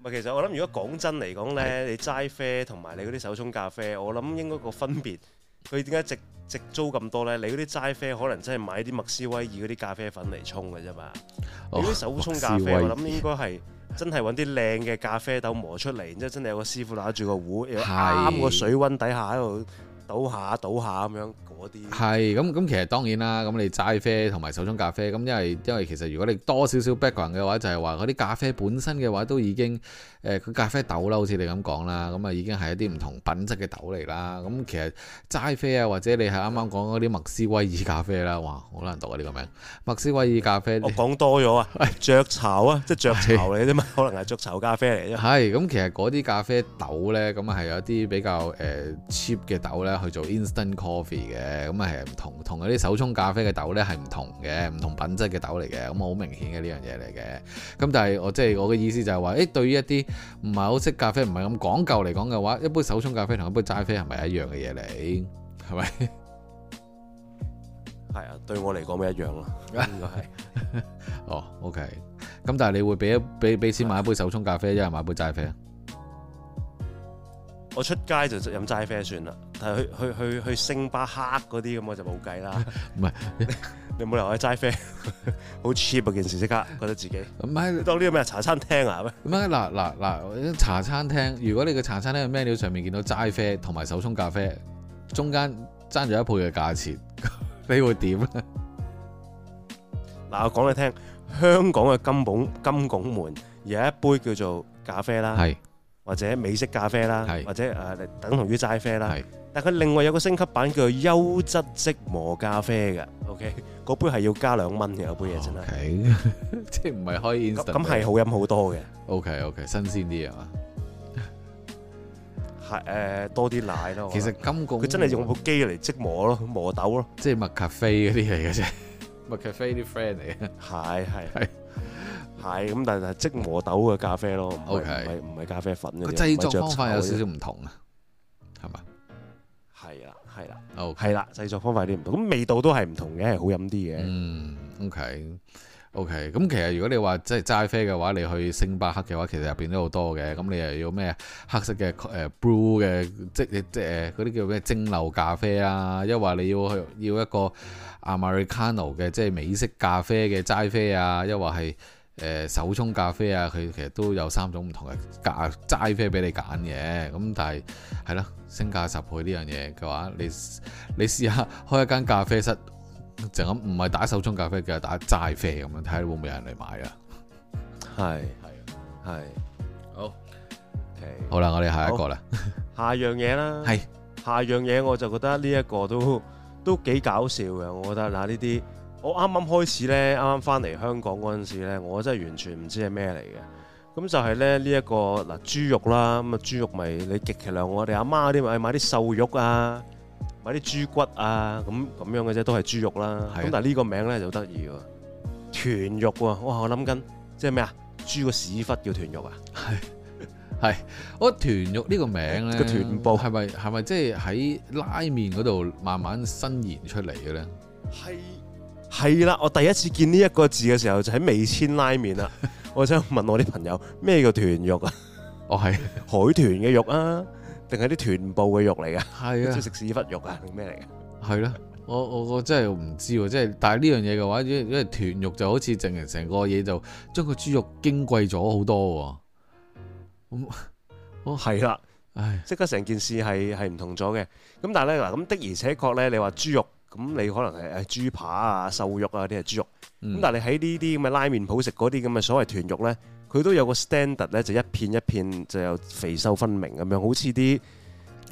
唔係，其實我諗，如果講真嚟講咧，你齋啡同埋你嗰啲手沖咖啡，我諗應該個分別。佢點解直直租咁多呢？你嗰啲齋啡可能真係買啲麥斯威爾嗰啲咖啡粉嚟沖嘅啫嘛，嗰、哦、啲手沖咖啡，我諗應該係真係揾啲靚嘅咖啡豆磨出嚟，然之後真係有個師傅拿住個壺，又啱個水溫底下喺度倒下倒下咁樣。係咁咁，其實當然啦。咁你齋啡同埋手沖咖啡，咁因為因為其實如果你多少少 background 嘅話，就係話嗰啲咖啡本身嘅話，都已經誒，佢、呃、咖啡豆啦，好似你咁講啦，咁啊已經係一啲唔同品質嘅豆嚟啦。咁其實齋啡啊，或者你係啱啱講嗰啲麥斯威爾咖啡啦，哇，好難讀啊呢、這個名。麥斯威爾咖啡，我講多咗啊，雀 巢啊，即係雀巢嚟啫嘛，可能係雀巢咖啡嚟啫。係，咁其實嗰啲咖啡豆呢，咁係有啲比較誒、呃、cheap 嘅豆呢去做 instant coffee 嘅。咁係唔同，同嗰啲手沖咖啡嘅豆呢係唔同嘅，唔同品質嘅豆嚟嘅，咁好明顯嘅呢樣嘢嚟嘅。咁但係我即係、就是、我嘅意思就係、是、話，誒、哎，對於一啲唔係好識咖啡，唔係咁講究嚟講嘅話，一杯手沖咖啡同一杯齋啡係咪一樣嘅嘢嚟？係咪？係啊，對我嚟講咪一樣咯，應該係。嗯啊嗯、 哦，OK。咁但係你會俾一俾俾錢買一杯手沖咖啡，啊、一係買杯齋啡？我出街就飲齋啡算啦，但係去去去去星巴克嗰啲咁我就冇計啦。唔 係不是， 你冇理由去齋啡，好 cheap 啊！件事即刻覺得自己唔係當呢個咩茶餐廳啊？咩？咩？嗱嗱嗱，茶餐廳，如果你嘅茶餐廳 menu 上面見到齋啡同埋手沖咖啡，中間爭咗一倍嘅價錢，你會點咧？嗱、啊，我講你聽，香港嘅金拱金拱門有一杯叫做咖啡啦，係。或者美式咖啡啦，或者誒等同於齋啡啦，但佢另外有個升級版叫做優質即磨咖啡嘅，OK，嗰杯係要加兩蚊嘅嗰杯嘢真係，即係唔係開。咁咁係好飲好多嘅。OK OK，新鮮啲啊嘛，係誒多啲奶咯。其實今個佢真係用部機嚟即磨咯，磨豆咯，即係麥咖啡嗰啲嚟嘅啫，麥咖啡啲 friend 嚟嘅，係係係。係咁，但係即磨豆嘅咖啡咯，唔係唔係咖啡粉。個製作方法有少少唔同啊，係嘛？係啊，係啦，係啦，製作方法有啲唔同，咁、哦 okay. 味道都係唔同嘅，係好飲啲嘅。嗯，OK，OK，、okay, okay, 咁其實如果你話即係齋啡嘅話，你去星巴克嘅話，其實入邊都好多嘅。咁你又要咩黑色嘅誒、呃、blue 嘅即係即係嗰啲叫咩蒸餾咖啡啊？又或你要去要一個 Americano 嘅即係美式咖啡嘅齋啡啊？又或係。誒手沖咖啡啊，佢其實都有三種唔同嘅咖齋啡俾你揀嘅，咁但係係咯，升價十倍呢樣嘢嘅話，你你試下開一間咖啡室，就咁唔係打手沖咖啡嘅，打齋啡咁樣睇下會唔會有人嚟買啊？係係係好，okay. 好啦，我哋下，下一個啦， 下樣嘢啦，係下樣嘢我就覺得呢一個都都幾搞笑嘅，我覺得嗱呢啲。我啱啱開始咧，啱啱翻嚟香港嗰陣時咧，我真係完全唔知係咩嚟嘅。咁就係咧呢一個嗱豬肉啦，咁啊豬肉咪你極其量我哋阿媽啲咪買啲瘦肉啊，買啲豬骨啊，咁咁、啊、樣嘅啫，都係豬肉啦。咁但係呢個名咧就好得意喎，豚肉啊。哇！我諗緊即係咩啊？豬個屎忽叫豚肉啊？係係，我覺得豚肉呢個名咧、個臀部係咪係咪即係喺拉麵嗰度慢慢伸延出嚟嘅咧？係。係啦，我第一次見呢一個字嘅時候就喺味千拉麵啦。我想問我啲朋友咩叫豚肉、 哦、豚肉啊？我係海豚嘅肉啊，定係啲臀部嘅肉嚟噶？係啊，即係食屎忽肉啊？定咩嚟嘅？係咯，我我我真係唔知，即係但係呢樣嘢嘅話，因為豚肉就好似成成個嘢就將個豬肉矜貴咗好多。咁，哦係啦，唉，即刻成件事係係唔同咗嘅。咁但係咧嗱，咁的而且確咧，你話豬肉。咁你可能係誒豬扒啊、瘦肉啊啲係豬肉咁、嗯，但係你喺呢啲咁嘅拉麵鋪食嗰啲咁嘅所謂豚肉咧，佢都有個 standard 咧，就一片一片就有肥瘦分明咁樣，好似啲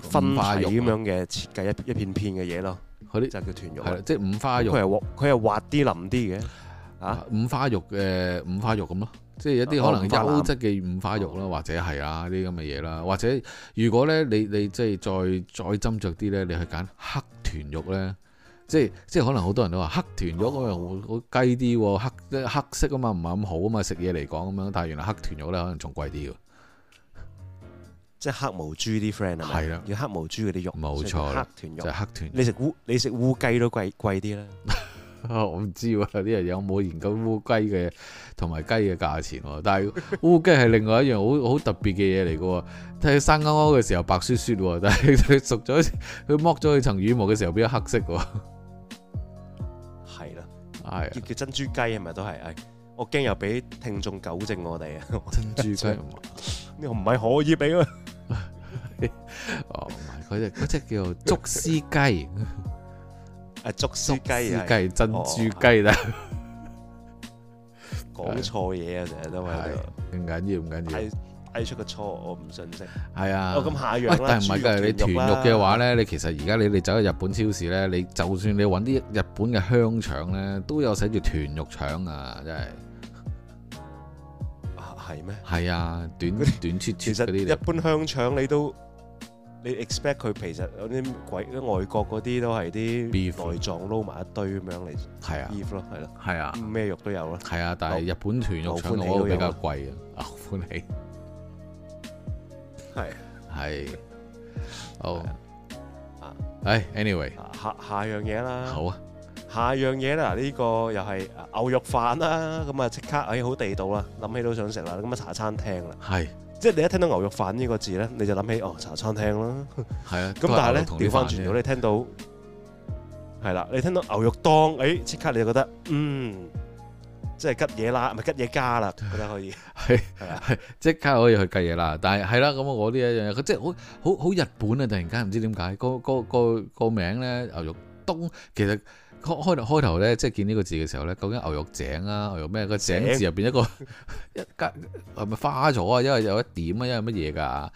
分花肉咁、啊、樣嘅設計一一片片嘅嘢咯。嗰啲就叫豚肉，即係、係啦、五花肉。佢係滑佢係滑啲腍啲嘅啊！五花肉嘅五花肉咁咯，即係一啲可能優質嘅五花肉啦，或者係啊啲咁嘅嘢啦。或者如果咧你你，你即係再再斟酌啲咧，你去揀黑豚肉咧。即係即係可能好多人都話黑、oh. 黑，黑，黑豚肉可能好雞啲，黑黑色啊嘛，唔係咁好啊嘛，食嘢嚟講咁樣，但係原來黑豚肉咧可能仲貴啲嘅，即係黑毛豬啲 friend 啊，係啦，要黑毛豬嗰啲肉，冇錯黑豚肉，就係黑豚、就係黑豚。你食烏你食烏雞都貴貴啲啦，呢 我唔知喎，啊，啲人有冇研究烏雞嘅同埋雞嘅價錢啊？但係烏雞係另外一樣好好特別嘅嘢嚟嘅，睇生勾勾嘅時候白雪雪，啊，但係熟咗佢剝咗佢層羽毛嘅時候變咗黑色嘅，啊。係叫珍珠雞係咪都係？我驚又俾聽眾糾正我哋啊！珍珠雞呢個唔係可以俾啊！哦，唔係，佢哋嗰隻叫竹絲雞，啊竹絲雞啊，珍珠雞啦，講錯嘢啊，成日都係唔緊要，唔緊要。睇出個錯，我唔信息。係啊，我、哦、咁下一樣、啊、但係唔係你豚肉嘅話咧，你其實而家你哋走去日本超市咧，你就算你揾啲日本嘅香腸咧，都有寫住豚肉腸啊！真係啊，係咩？係啊，短短切切嗰啲一般香腸你，你都你 expect 佢其實有啲鬼外國嗰啲都係啲內臟撈埋一堆咁樣嚟。係啊咯，係咯，係啊，咩、啊啊、肉都有咯、啊。係啊，但係日本豚肉腸我比較貴都啊，牛歡喜。係係，好啊！啊哦、哎，anyway，下下樣嘢啦，好啊，下樣嘢啦，呢、呢個又係牛肉飯啦，咁啊即刻哎好地道啦，諗起都想食啦，咁啊茶餐廳啦，係、啊，即係你一聽到牛肉飯呢個字咧，你就諗起哦茶餐廳啦，係啊，咁但係咧調翻轉咗，你聽到係啦、啊，你聽到牛肉檔，哎即刻你就覺得嗯。即係吉野啦，唔係吉野家啦，覺得可以係係啊，即 刻可以去吉野啦。但係係啦，咁我呢一樣嘢，佢即係好好好日本啊！突然間唔知點解、嗰個、嗰個個名咧，牛肉冬其實開開頭開頭咧，即係見呢個字嘅時候咧，究竟牛肉井啊，牛肉咩？井嗰個井字入邊一個一格係咪花咗啊？因為有一點啊，因為乜嘢㗎？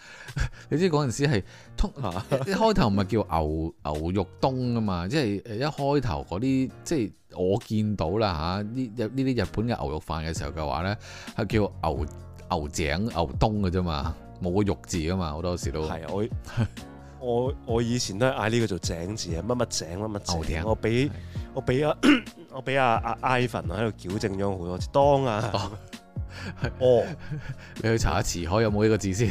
你知嗰陣時係通開 一開頭唔係叫牛牛肉冬啊嘛，即係誒一開頭嗰啲即係。我見到啦嚇，呢日呢啲日本嘅牛肉飯嘅時候嘅話咧，係叫牛牛井牛冬嘅啫嘛，冇個肉字噶嘛，好多時都係我 我我以前都係嗌呢個做井字乜乜井乜乜井啊，乜乜井乜乜井。我俾、啊、我俾啊我俾阿阿 Ivan 喺度矯正咗好多，當啊，哦，哦 你去查下辭海有冇呢個字先。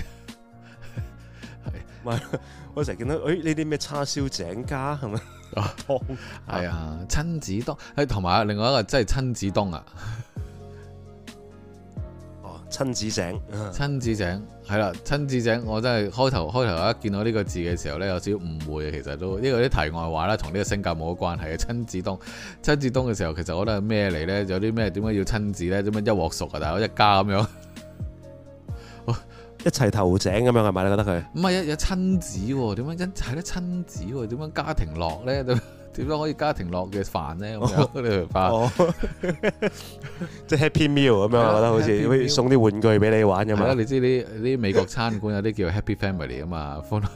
係，唔 是 我成日見到，誒呢啲咩叉燒井家係咪？ 哎係啊，親子東，誒、哎，同埋另外一個即係親子東啊，哦，親子井，親子井，係啦，親子井，我真係開頭開頭一見到呢個字嘅時候呢，有少少誤會，其實都呢個啲題外話呢，同呢個性格冇關係啊。親子東，親子東嘅時候，其實我覺得係咩嚟呢？有啲咩？點解要親子呢？點解一鑊熟啊？大家一家咁樣。一齊頭井咁樣係咪？你覺得佢？唔係有有親子喎、喔？點樣一齊咧親子、喔？點樣家庭樂咧？點樣可以家庭樂嘅飯咧？我覺得你即係 Happy Meal 咁樣、啊，我覺得好似送啲玩具俾你玩咁啊！你知啲啲美國餐館有啲叫 Happy Family 啊嘛，歡樂。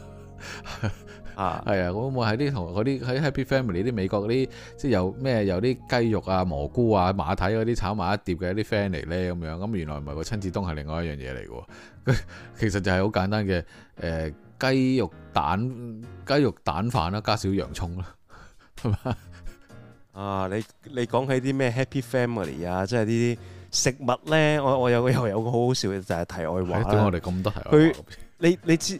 啊，係啊，我會唔會喺啲同嗰啲喺 Happy Family 啲美國嗰啲，即係有咩有啲雞肉啊、蘑菇啊、馬蹄嗰啲炒埋一碟嘅啲 friend 嚟咧咁樣，咁原來唔係個親子丼係另外一樣嘢嚟嘅，其實就係好簡單嘅，誒、欸、雞肉蛋雞肉蛋飯啦，加少洋葱啦，係嘛？啊，你你講起啲咩 Happy Family 啊，即係啲食物咧，我我有個又有一個好好笑嘅就係、是、題外話啦、啊。點解、啊、我哋咁多題外話？佢你你，你知？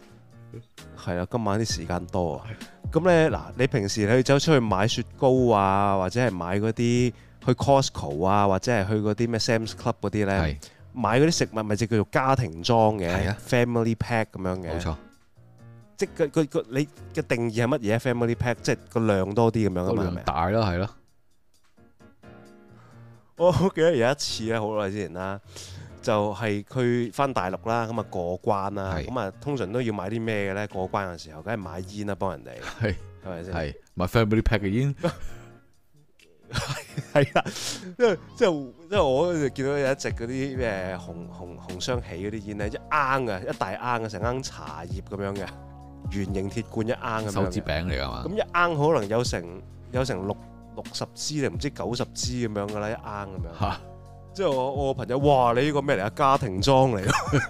係啦，今晚啲時間多啊。咁咧，嗱，你平時你走出去買雪糕啊，或者係買嗰啲去 Costco 啊，或者係去嗰啲咩 Sam's Club 嗰啲咧，買嗰啲食物咪就叫做家庭裝嘅，family pack 咁樣嘅。冇錯，即係個個你嘅定義係乜嘢？Family pack 即係個量多啲咁樣啊嘛，大咯係咯。我好記得有一次啊，好耐之前啦。就係佢翻大陸啦，咁啊過關啦，咁啊通常都要買啲咩嘅咧？過關嘅時候，梗係買煙啦、啊，幫人哋係，係咪先？係買 family pack 嘅煙係係啦。即即即我見到有一隻嗰啲誒紅紅紅雙喜嗰啲煙咧，一罌嘅，一大罌嘅，成罌茶葉咁樣嘅圓形鐵罐一罌咁樣，手指餅嚟㗎嘛，咁一罌可能有成有成六六十支定唔知九十支咁樣㗎啦，一罌咁樣。即係我我朋友，哇！你呢個咩嚟啊？家庭裝嚟咯，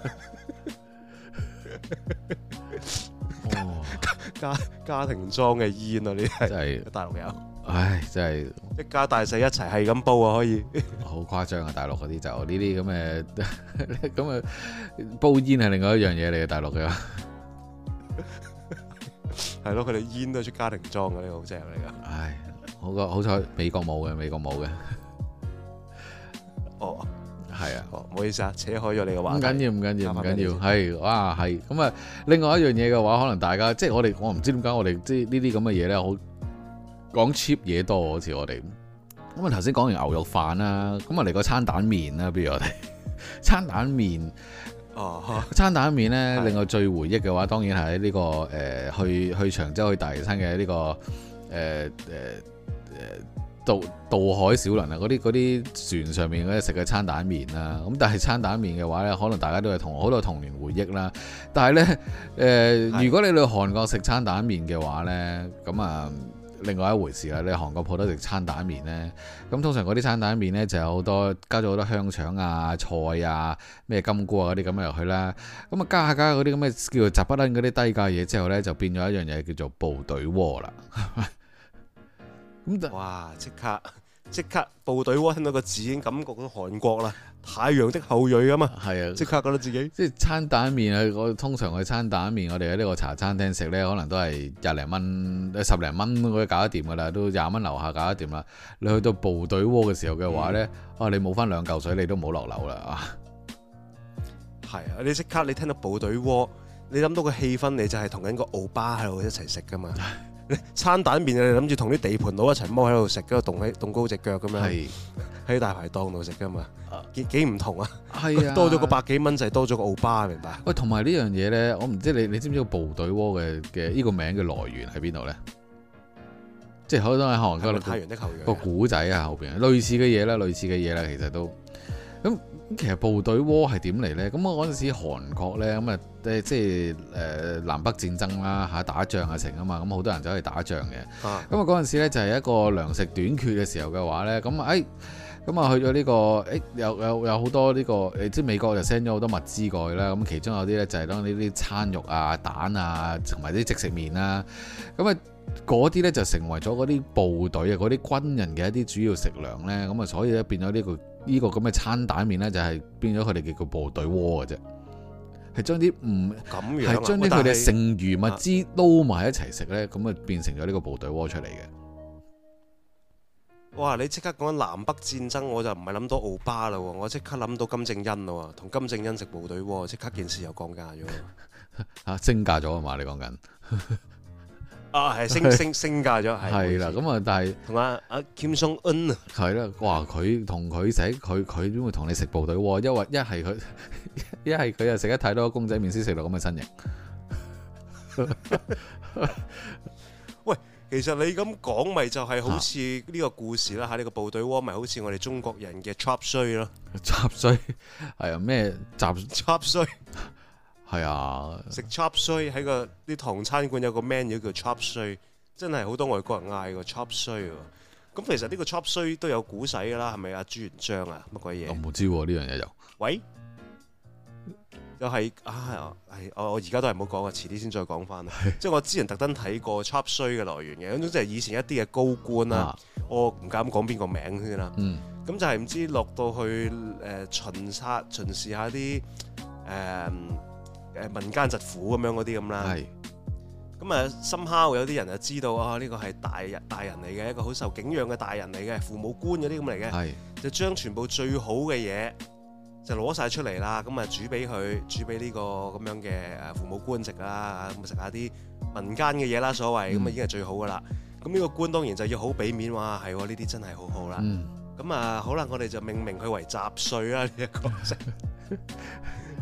家家庭裝嘅煙啊！呢啲真係大陸友，唉，真係一家大細一齊係咁煲啊！可以好誇張啊！大陸嗰啲就呢啲咁嘅，咁啊煲煙係另外一樣嘢嚟嘅，大陸嘅係咯，佢哋煙都出家庭裝嘅，呢個好正嚟噶。唉，好個好彩，美國冇嘅，美國冇嘅。係、哦、啊，唔、哦、好意思啊，扯開咗你嘅話。唔緊要，唔緊要，唔緊要。係，哇，係。咁啊，另外一樣嘢嘅話，可能大家，即係我哋，我唔知點解，我哋即係呢啲咁嘅嘢咧，好講 cheap 嘢多。好似我哋，咁啊，頭先講完牛肉飯啦，咁啊嚟個餐蛋麵啦，不如我哋餐蛋麵。哦，餐蛋麵咧，另外、啊、最回憶嘅話，當然係呢、這個誒、呃，去去長洲去大嶼山嘅呢個誒誒誒。呃呃呃渡渡海小輪啊，嗰啲啲船上面啲食嘅餐蛋麵啦、啊，咁但係餐蛋麵嘅話呢，可能大家都係同好多童年回憶啦。但係呢，誒、呃、如果你去韓國食餐蛋麵嘅話呢，咁啊另外一回事啦。你韓國鋪頭食餐蛋麵呢，咁通常嗰啲餐蛋麵呢就有好多加咗好多香腸啊、菜啊、咩金菇啊嗰啲咁嘅入去啦。咁啊加下加嗰啲咁嘅叫做雜不倫嗰啲低價嘢之後呢，就變咗一樣嘢叫做部隊鍋啦。 嗯、哇！即刻即刻部隊鍋，聽到個字已經感覺到韓國啦，太陽的後裔啊嘛，係啊！即刻覺得自己即係餐蛋麵啊！我通常去餐蛋麵，我哋喺呢個茶餐廳食咧，可能都係廿零蚊，十零蚊嗰啲搞得掂噶啦，都廿蚊樓下搞得掂啦。你去到部隊鍋嘅時候嘅話咧，啊你冇翻兩嚿水你都冇落樓啦啊！係啊！你即刻你聽到部隊鍋，你諗到個氣氛，你就係同緊個歐巴喺度一齊食噶嘛。餐蛋麵啊！你諗住同啲地盤佬一齊踎喺度食，嗰個凍喺凍高隻腳咁樣，喺大排檔度食噶嘛？幾幾唔同啊！係啊，多咗個百幾蚊就係多咗個歐巴，明白？喂，同埋呢樣嘢咧，我唔知你你知唔知個部隊鍋嘅嘅呢個名嘅來源喺邊度咧？即係好多喺韓國係咪太陽的球員個古仔啊，後邊類似嘅嘢啦，類似嘅嘢啦，其實都咁。咁其實部隊鍋係點嚟呢？咁我嗰陣時韓國咧咁啊，即係誒南北戰爭啦嚇，打仗啊成啊嘛，咁好多人走去打仗嘅。咁啊嗰陣時咧就係一個糧食短缺嘅時候嘅話呢。咁啊誒，咁啊去咗呢個誒有有有好多呢個即係美國就 send 咗好多物資過去啦。咁其中有啲呢，就係當呢啲餐肉啊、蛋啊同埋啲即食麵啦、啊。咁啊嗰啲呢，就成為咗嗰啲部隊啊、嗰啲軍人嘅一啲主要食糧呢。咁啊所以咧變咗呢個。呢、這個咁嘅餐蛋麵呢、這個，就係變咗佢哋嘅個部隊鍋嘅啫，係將啲唔咁樣，係將啲佢哋剩餘物資撈埋一齊食呢，咁啊變成咗呢個部隊鍋出嚟嘅。哇！你即刻講南北戰爭，我就唔係諗到奧巴啦，我即刻諗到金正恩啦，同金正恩食部隊鍋，即刻件事又降價咗。嚇， 升價咗啊嘛？你講緊？ 啊，係升升升，升價咗，係。係啦，咁、嗯、啊，但係同阿阿 Kim Sung Un 啊，係啦，哇，佢同佢使佢佢點會同你食部隊喎？因為一係佢一係佢又食得太多公仔麵先食到咁嘅身形。 喂，其實你咁講，咪就係好似呢個故事啦嚇，呢、啊呢個部隊鍋咪、就係、好似我哋中國人嘅插衰咯，插衰係啊咩插插衰。 係啊，食 chop s 喺個啲唐餐館有個 man 妖叫 chop s 真係好多外國人嗌個 chop s 咁，其實呢個 chop s 都有股洗噶啦，係咪啊朱元璋啊乜鬼嘢？我唔知呢、啊、樣嘢又。喂，又係啊係我我而家都係唔好講啊，遲啲先再講翻。即 係我之前特登睇過 chop s 嘅來源嘅，咁總之係以前一啲嘅高官啊，我唔敢講邊個名先啦。咁、嗯、就係唔知落到去誒巡查巡視下啲誒。誒民間疾苦咁樣嗰啲咁啦，咁啊深孝有啲人就知道啊呢、呢個係大、大人大人嚟嘅，一個好受敬仰嘅大人嚟嘅，父母官嗰啲咁嚟嘅，就將全部最好嘅嘢就攞晒出嚟啦，咁啊煮俾佢煮俾呢個咁樣嘅誒父母官食啊，咁啊食下啲民間嘅嘢啦，所謂咁啊、嗯、已經係最好噶啦，咁呢個官當然就要好俾面，哇係呢啲真係好好啦，咁、嗯、啊好啦我哋就命名佢為雜碎啦呢一、呢個。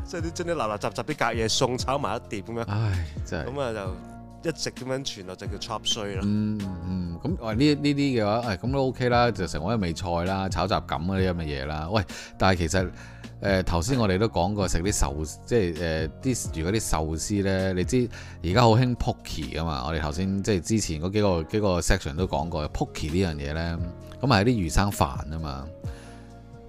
即係啲將啲雜雜雜雜啲隔夜餸炒埋一碟咁樣，唉，真係咁啊就一直咁樣傳落就叫炒衰啦。嗯嗯，咁啊呢呢啲嘅話，誒、哎、咁都 OK 啦，就成為一味菜啦，炒雜餡嗰啲咁嘅嘢啦。喂，但係其實誒頭先我哋都講過食啲壽司，即係誒啲如果啲壽司咧，你知而家好興撲 e 啊嘛。我哋頭先即係之前嗰幾個幾個 section 都講過，撲 e 呢樣嘢咧，咁係啲魚生飯啊嘛。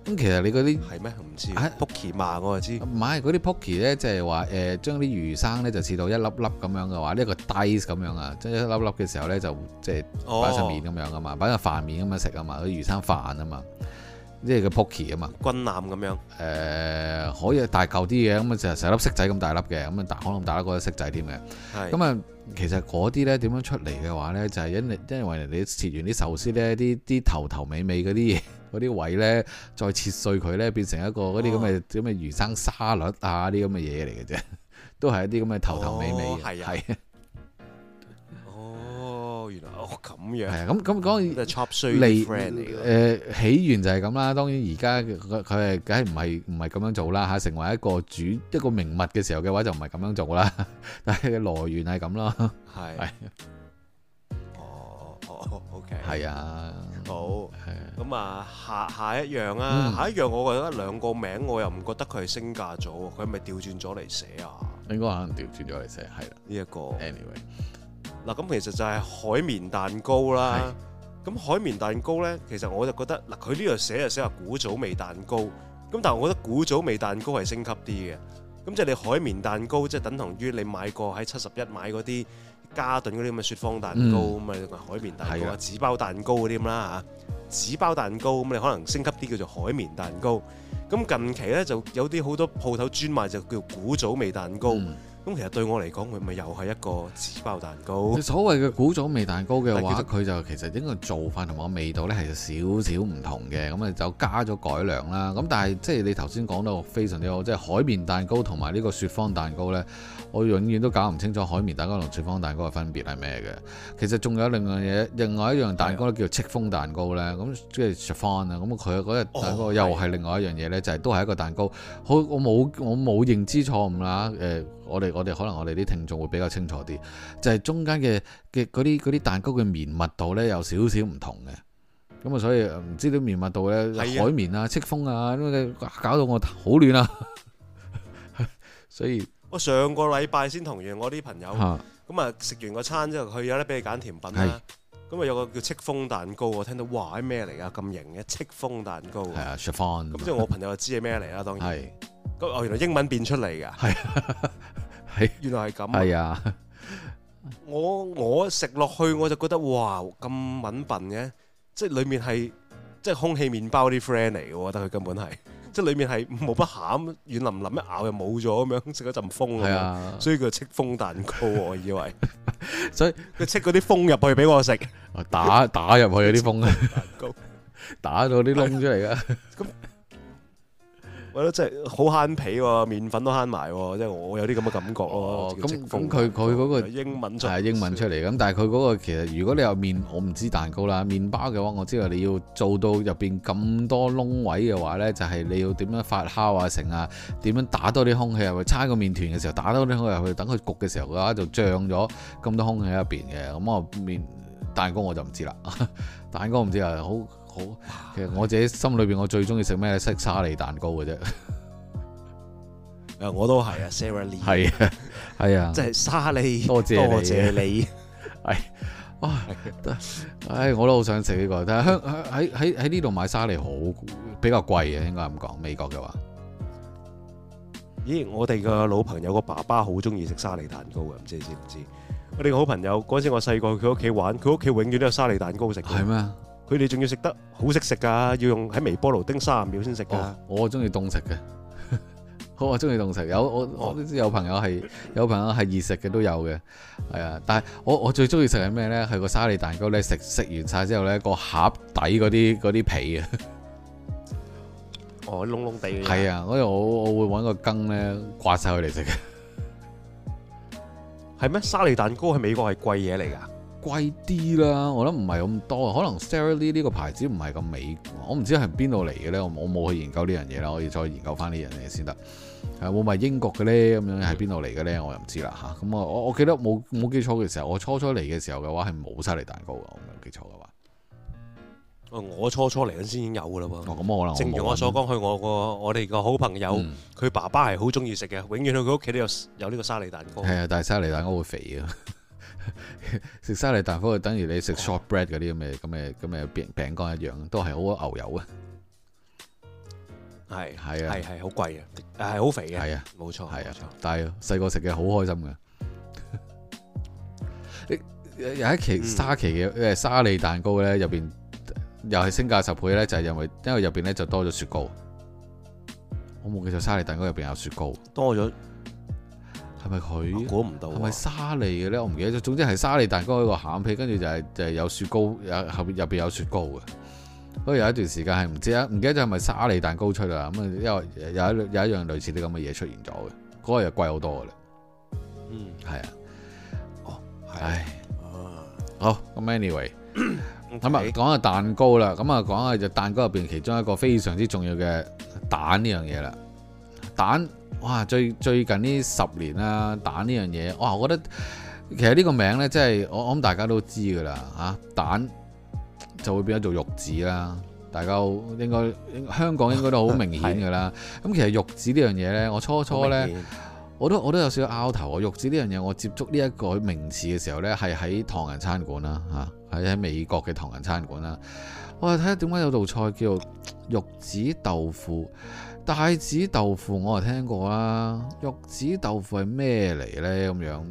咁其實你嗰啲係咩？唔知啊，pocky 嘛，我就知。唔係嗰啲 pocky 咧，即係話誒，將啲魚生咧就切到一粒粒咁樣嘅話，呢個 dice 咁樣啊，即係一粒粒嘅時候咧，就即係擺上面咁樣啊、哦、嘛，擺個飯面咁樣食啊嘛，啲魚生飯啊嘛，即係個 pocky 啊嘛。軍艦咁樣。誒，可以大嚿啲嘅，咁啊就成粒骰仔咁大粒嘅，咁啊大可能大得覺得骰仔添嘅。咁啊、嗯嗯，其實嗰啲咧點樣出嚟嘅話咧，就係因為因為你切完啲壽司咧，啲啲頭頭尾尾嗰啲嘢。嗰啲位咧，再切碎佢咧，變成一個嗰啲咁嘅咁嘅魚生沙律啊，啲咁嘅嘢嚟嘅啫，都係一啲咁嘅頭頭尾尾。係、哦、啊，啊。哦，原來哦咁樣。係啊，咁咁講係 chop 碎 friend 嚟。誒，起源就係咁啦。當然，而家佢佢係梗係唔係唔係咁樣做啦吓。成為一個主一個名物嘅時候嘅話，就唔係咁樣做啦。但係嘅來源係咁咯。係、啊啊。哦。哦係、okay. 啊，好，係啊，咁啊下下一樣啊、嗯，下一樣我覺得兩個名我又唔覺得佢係升價咗，佢係咪調轉咗嚟寫啊？應該可能調轉咗嚟寫，係啦、啊，呢、這、一個。Anyway，嗱咁其實就係海綿蛋糕啦。咁、啊、海綿蛋糕咧，其實我就覺得嗱，佢呢度寫就寫下「古早味蛋糕」，咁但係我覺得古早味蛋糕係升級啲嘅。咁即係你海綿蛋糕，即、係、等同於你買過喺七十一買嗰啲嘉頓嗰啲咁嘅雪芳蛋糕咁啊，嗯、海綿蛋糕啊，紙包蛋糕嗰啲咁啦嚇，紙包蛋糕咁你可能升級啲叫做海綿蛋糕。咁近期咧就有啲好多鋪頭專賣就叫古早味蛋糕。嗯。咁其實對我嚟講，佢咪又係一個紙包蛋糕。所謂嘅古早味蛋糕嘅話，佢就其實應該做法同埋個味道呢，係少少唔同嘅。咁啊，就加咗改良啦。咁但係即係你頭先講到非常之好，即係海綿蛋糕同埋呢個雪芳蛋糕呢，我永遠都搞唔清楚海綿蛋糕同雪芳蛋糕嘅分別係咩嘅。其實仲有另外嘢，另外一樣蛋糕呢，叫做戚風蛋糕呢。咁即係雪芳啊。咁佢嗰個蛋糕又係另外一樣嘢呢，就係都係一個蛋糕。好，我冇我冇認知錯誤啊。誒、呃。我哋我哋可能我哋啲聽眾會比較清楚啲，就係中間嘅嘅啲啲蛋糕嘅綿密度咧有少少唔同嘅，咁啊所以唔知啲綿密度咧、啊，海綿啊、戚風啊，因為搞到我好亂啊，所以我上個禮拜先同完我啲朋友，咁啊食完個餐之後，佢有得俾你揀甜品啦，咁啊有個叫戚風蛋糕，我聽到哇咩嚟啊咁型嘅戚風蛋糕，係啊，chiffon，咁即係我朋友就知係咩嚟啦，當然。哦，原來英文變出嚟噶，係，原來係咁，係啊。我我食落去我就覺得哇，咁敏笨嘅，即係裏面係即係空氣麵包啲 friend 嚟嘅，我覺得佢根本係，即係裏面係冇乜餡，軟淋淋一咬又冇咗咁樣，食咗陣風，係啊，所以佢戚風蛋糕，我以為，所以佢戚嗰啲風入去俾我食，打打入去嗰啲風蛋糕，打到啲窿出嚟噶。我覺得即係好慳皮喎，麵粉都慳埋喎，即係我有啲咁嘅感覺咯。咁咁佢佢嗰個英文出嚟，係英文出嚟。咁但係佢嗰個其實，如果你有面，我唔知蛋糕啦，麪包嘅話，我知道你要做到入邊咁多窿位嘅話咧，就係、是、你要點樣發酵啊，成啊，點樣打多啲空氣入去，搓個麵團嘅時候打多啲空氣入去，等佢焗嘅時候嘅話就漲咗咁多空氣入邊嘅。咁我面蛋糕我就唔知啦，蛋糕唔知啊好。好，其實我自己心裏邊我最中意食咩？食沙梨蛋糕嘅啫。誒，我都係啊，Sarah Lee，係啊，係啊，即係沙梨。多謝、啊、多謝你，係，哇，誒，我都好想食呢個，但係香喺喺喺呢度買沙梨好比較貴啊，應該咁講。美國嘅話，咦？我哋個老朋友個爸爸好中意食沙梨蛋糕嘅，唔知你知唔知，知？我哋個好朋友嗰陣時，我細個去佢屋企玩，佢屋企永遠都有沙梨蛋糕食，係咩？佢哋仲要食得好識食噶，要用喺微波爐叮三十秒先食啊！我中意凍食嘅，好，我中意凍食。有我、哦、我知有朋友係有朋友係熱食嘅都有嘅，係啊！但係我我最中意食係咩咧？係個沙利蛋糕咧，食食完晒之後咧，個盒底嗰啲啲皮啊！哦，窿窿地嘅係啊！所以我我會揾個羹咧刮晒佢嚟食嘅。係咩？沙利蛋糕喺美國係貴嘢嚟噶。貴啲啦，我諗唔係咁多，可能 Sara Lee 呢個牌子唔係咁美，我唔知係邊度嚟嘅咧，我冇去研究呢樣嘢啦，我要再研究翻呢樣嘢先得。係會唔係英國嘅咧？咁樣喺邊度嚟嘅咧？我又唔知啦吓。咁我我我記得冇冇記錯嘅時候，我初初嚟嘅時候嘅話係冇沙梨蛋糕嘅，冇記錯嘅話。我初初嚟緊先已經有嘅啦。咁、啊、可能我正如我所講，去、嗯、我個我哋個好朋友，佢爸爸係好中意食嘅，永遠去佢屋企都有有呢個沙梨蛋糕。係啊，但係沙梨蛋糕會肥嘅。食 沙利蛋糕就等於你食 shortbread 嗰啲咁嘅咁嘅咁嘅餅餅乾一樣，都係好多牛油嘅，係係啊，係係好貴嘅，係好肥嘅，係啊，冇錯，係啊，但係細個食嘅好開心嘅。 有一期、嗯、沙奇嘅沙利蛋糕咧，入邊又係升價十倍咧，就係因為因為入邊咧就多咗雪糕。我冇記錯，沙利蛋糕入邊、就是、有雪糕，多咗。係咪佢？我估唔到。係咪沙利嘅咧？我唔記得咗。總之係沙利蛋糕一個餡皮，跟住就係、係、就係、係、有雪糕，有盒入邊有雪糕嘅。不過有一段時間係唔知啊，唔記得咗係咪沙利蛋糕出啦。咁啊，因為有一有，有一樣類似啲咁嘅嘢出現咗嘅，嗰、那個又貴好多嘅啦。嗯，係啊。哦，係、哦。好咁、嗯，anyway，咁啊，講下蛋糕啦。咁啊，講下就蛋糕入邊其中一個非常之重要嘅蛋呢樣嘢啦。蛋。哇！最最近呢十年啦，蛋呢樣嘢，哇！我覺得其實呢個名呢，真係我諗大家都知噶啦，吓、啊、蛋就會變咗做玉子啦。大家應該香港應該都好明顯噶啦。咁 其實玉子呢樣嘢呢，我初初呢，我都我都有少少拗頭。我玉子呢樣嘢，我接觸呢一個名詞嘅時候呢，係喺唐人餐館啦，吓喺喺美國嘅唐人餐館啦、啊。我睇下點解有道菜叫做玉子豆腐。帶子豆腐我又聽過啦，玉子豆腐係咩嚟咧？咁樣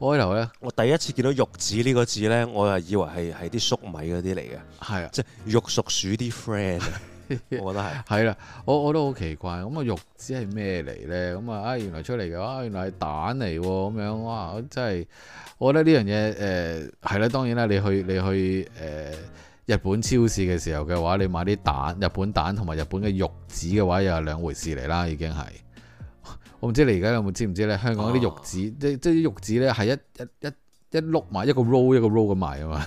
開頭咧，我第一次見到玉子呢個字咧，我啊以為係係啲粟米嗰啲嚟嘅，係啊，即係玉蜀黍 friend,、啊」啲 friend，我覺得係，係啦、啊，我我都好奇怪，咁、嗯、啊玉子係咩嚟咧？咁啊啊原來出嚟嘅啊，原來係、啊、蛋嚟，咁樣哇，真係，我覺得呢樣嘢誒係啦，當然啦，你去你去誒。呃日本超市嘅時候嘅話，你買啲蛋，日本蛋同埋日本嘅肉子嘅話，又係兩回事嚟啦。已經係，我唔知你而家有冇知唔知咧？香港啲肉子，啊、即即係啲肉子咧，係一一一一碌埋一,一,一個 roll 一個 roll 咁埋啊嘛，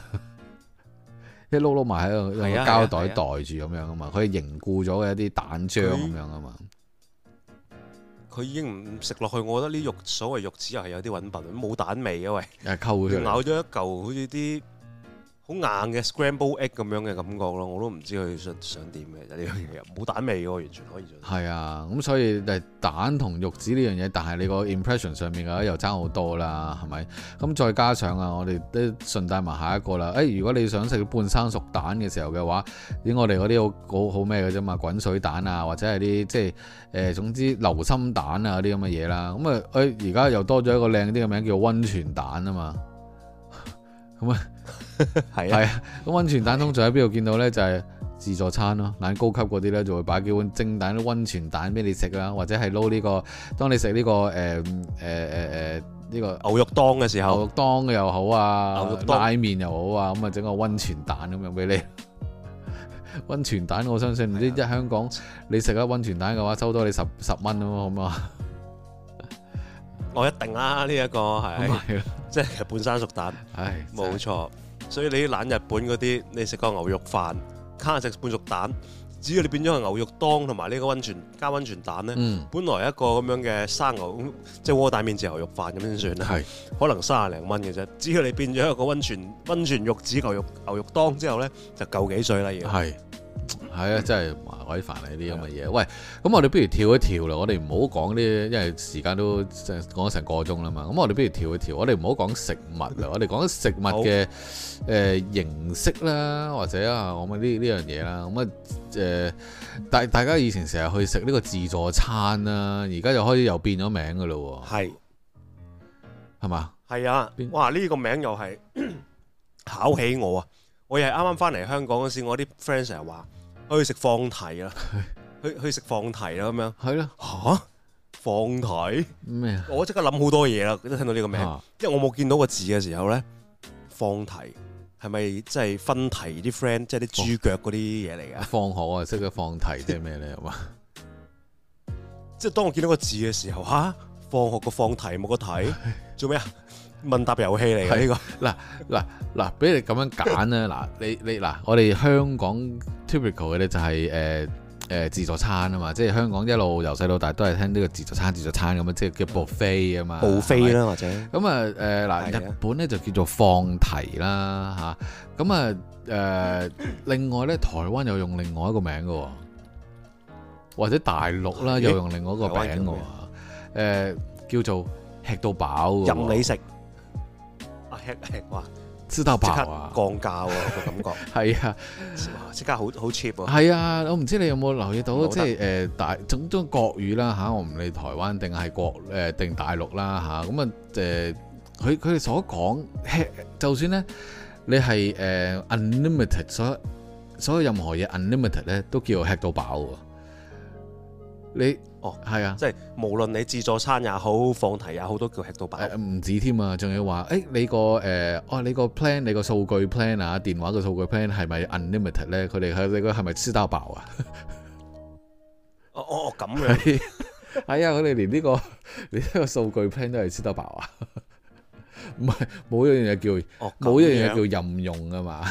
一碌碌埋喺度，用、啊、膠袋、啊、袋住咁樣啊嘛，佢係凝固咗嘅一啲蛋漿咁樣啊嘛，佢已經唔食落去。我覺得啲肉所謂肉子又係有啲揾笨，冇蛋味啊喂，咬咗一嚿好似啲。好硬嘅 Scramble egg 咁樣嘅感覺咯，我都唔知佢想想點嘅，就呢樣嘢冇蛋味喎，完全可以做。係 啊，咁所以誒蛋同玉子呢樣嘢，但係你個 impression 上面嘅又差好多啦，係咪？咁再加上啊，我哋都順帶埋下一個啦。誒、欸，如果你想食半生熟蛋嘅時候嘅話，啲我哋嗰啲好好咩嘅啫嘛，滾水蛋啊，或者係啲即係誒、呃、總之流心蛋啊嗰啲咁嘅嘢啦。咁啊而家又多咗一個靚啲嘅名叫溫泉蛋啊嘛。咁 啊，係啊，咁温泉蛋通常喺邊度見到呢？就係、是、自助餐咯，揀、啊、高級嗰啲呢，就會擺幾碗蒸蛋啲温泉蛋俾你食啊，或者係撈呢個，當你食呢、這個誒誒誒誒呢個牛肉丼嘅時候，牛肉丼又好啊，牛肉拉麵又好啊，咁啊整個温泉蛋咁樣俾你。温 泉蛋我相信唔知一香港你食一温泉蛋嘅話，收多你十十蚊咯，好唔好啊？我、哦、一定啦，呢、這、一個係，是是啊、即係半生熟蛋，唉，冇錯。所以你啲懶日本嗰啲，你食個牛肉飯，卡食半熟蛋，只要你變咗個牛肉丼同埋呢個溫泉加溫泉蛋咧，嗯、本來一個咁樣嘅生牛即係窩蛋免治牛肉飯咁先算啦。係，可能三廿零蚊嘅啫。只要你變咗一個溫泉溫泉玉子牛肉牛肉丼之後咧，就夠幾歲啦已經。係啊，真係麻鬼煩你啲咁嘅嘢。喂，咁我哋不如跳一跳啦，我哋唔好講呢，因為時間都即係講咗成個鐘啦嘛。咁我哋不如跳一跳，我哋唔好講食物啦，我哋講食物嘅誒、呃、形式啦，或者啊，我咪呢呢樣嘢啦。咁啊，誒、啊，大、啊啊啊、大家以前成日去食呢個自助餐啦，而家又開始又變咗名噶啦，係係嘛？係啊，哇！呢、這個名又係 考起我啊！我又係啱啱翻嚟香港嗰時，我啲 friend 成日話。去食放題啦，去去食放題啦咁樣，係咯吓？放題咩啊？我即刻諗好多嘢啦，都聽到呢個名，啊，因為我冇見到個字嘅時候咧，放題係咪即係分題啲 friend，即係啲豬腳嗰啲嘢嚟噶？放學，我識嘅放題 麼呢 即係咩咧？哇！即係當我見到個字嘅時候吓，啊？放學個放題冇個題，做咩啊？問答遊戲嚟，係呢個嗱嗱嗱，俾你咁樣揀啊！嗱，你你嗱，我哋香港 typical 嘅咧就係誒誒自助餐啊嘛，即、就、係、是、香港一路由細到大都係聽呢個自助餐、自助餐咁啊，即係叫 buffet 啊嘛，buffet 啦，或者咁啊誒嗱，日本咧就叫做放題啦吓，咁啊誒、啊、另外咧台灣又用另外一個名噶或者大陸啦又用另外一個名噶，誒叫，、啊、叫做吃到飽任你食。吃 吃哇，吃到飽，降價個 感覺，係啊，即刻好好 cheap 喎。係啊，啊，我唔知你有冇留意到，即係誒大中國語啦吓，啊，我唔理台灣定係國誒定、呃、大陸啦吓，咁啊誒，佢佢哋所講吃， 就算咧你係誒 unlimited 所所有任何嘢 unlimited 咧，都叫吃到飽喎。你哦，係啊，即係無論你自助餐也好，放題也好，都叫吃到飽。唔、呃、止添啊，仲要話誒、欸，你個誒、呃，哦，你、哦 哎你個 plan，你個數據 plan 啊，電話嘅數據 plan 係咪 unlimited 咧？佢哋係你係咪黐到爆啊？哦哦，咁樣，係啊，佢哋連呢個，呢個數據 plan 都係黐到爆啊！唔係，冇一樣嘢叫冇一樣嘢叫任用啊嘛，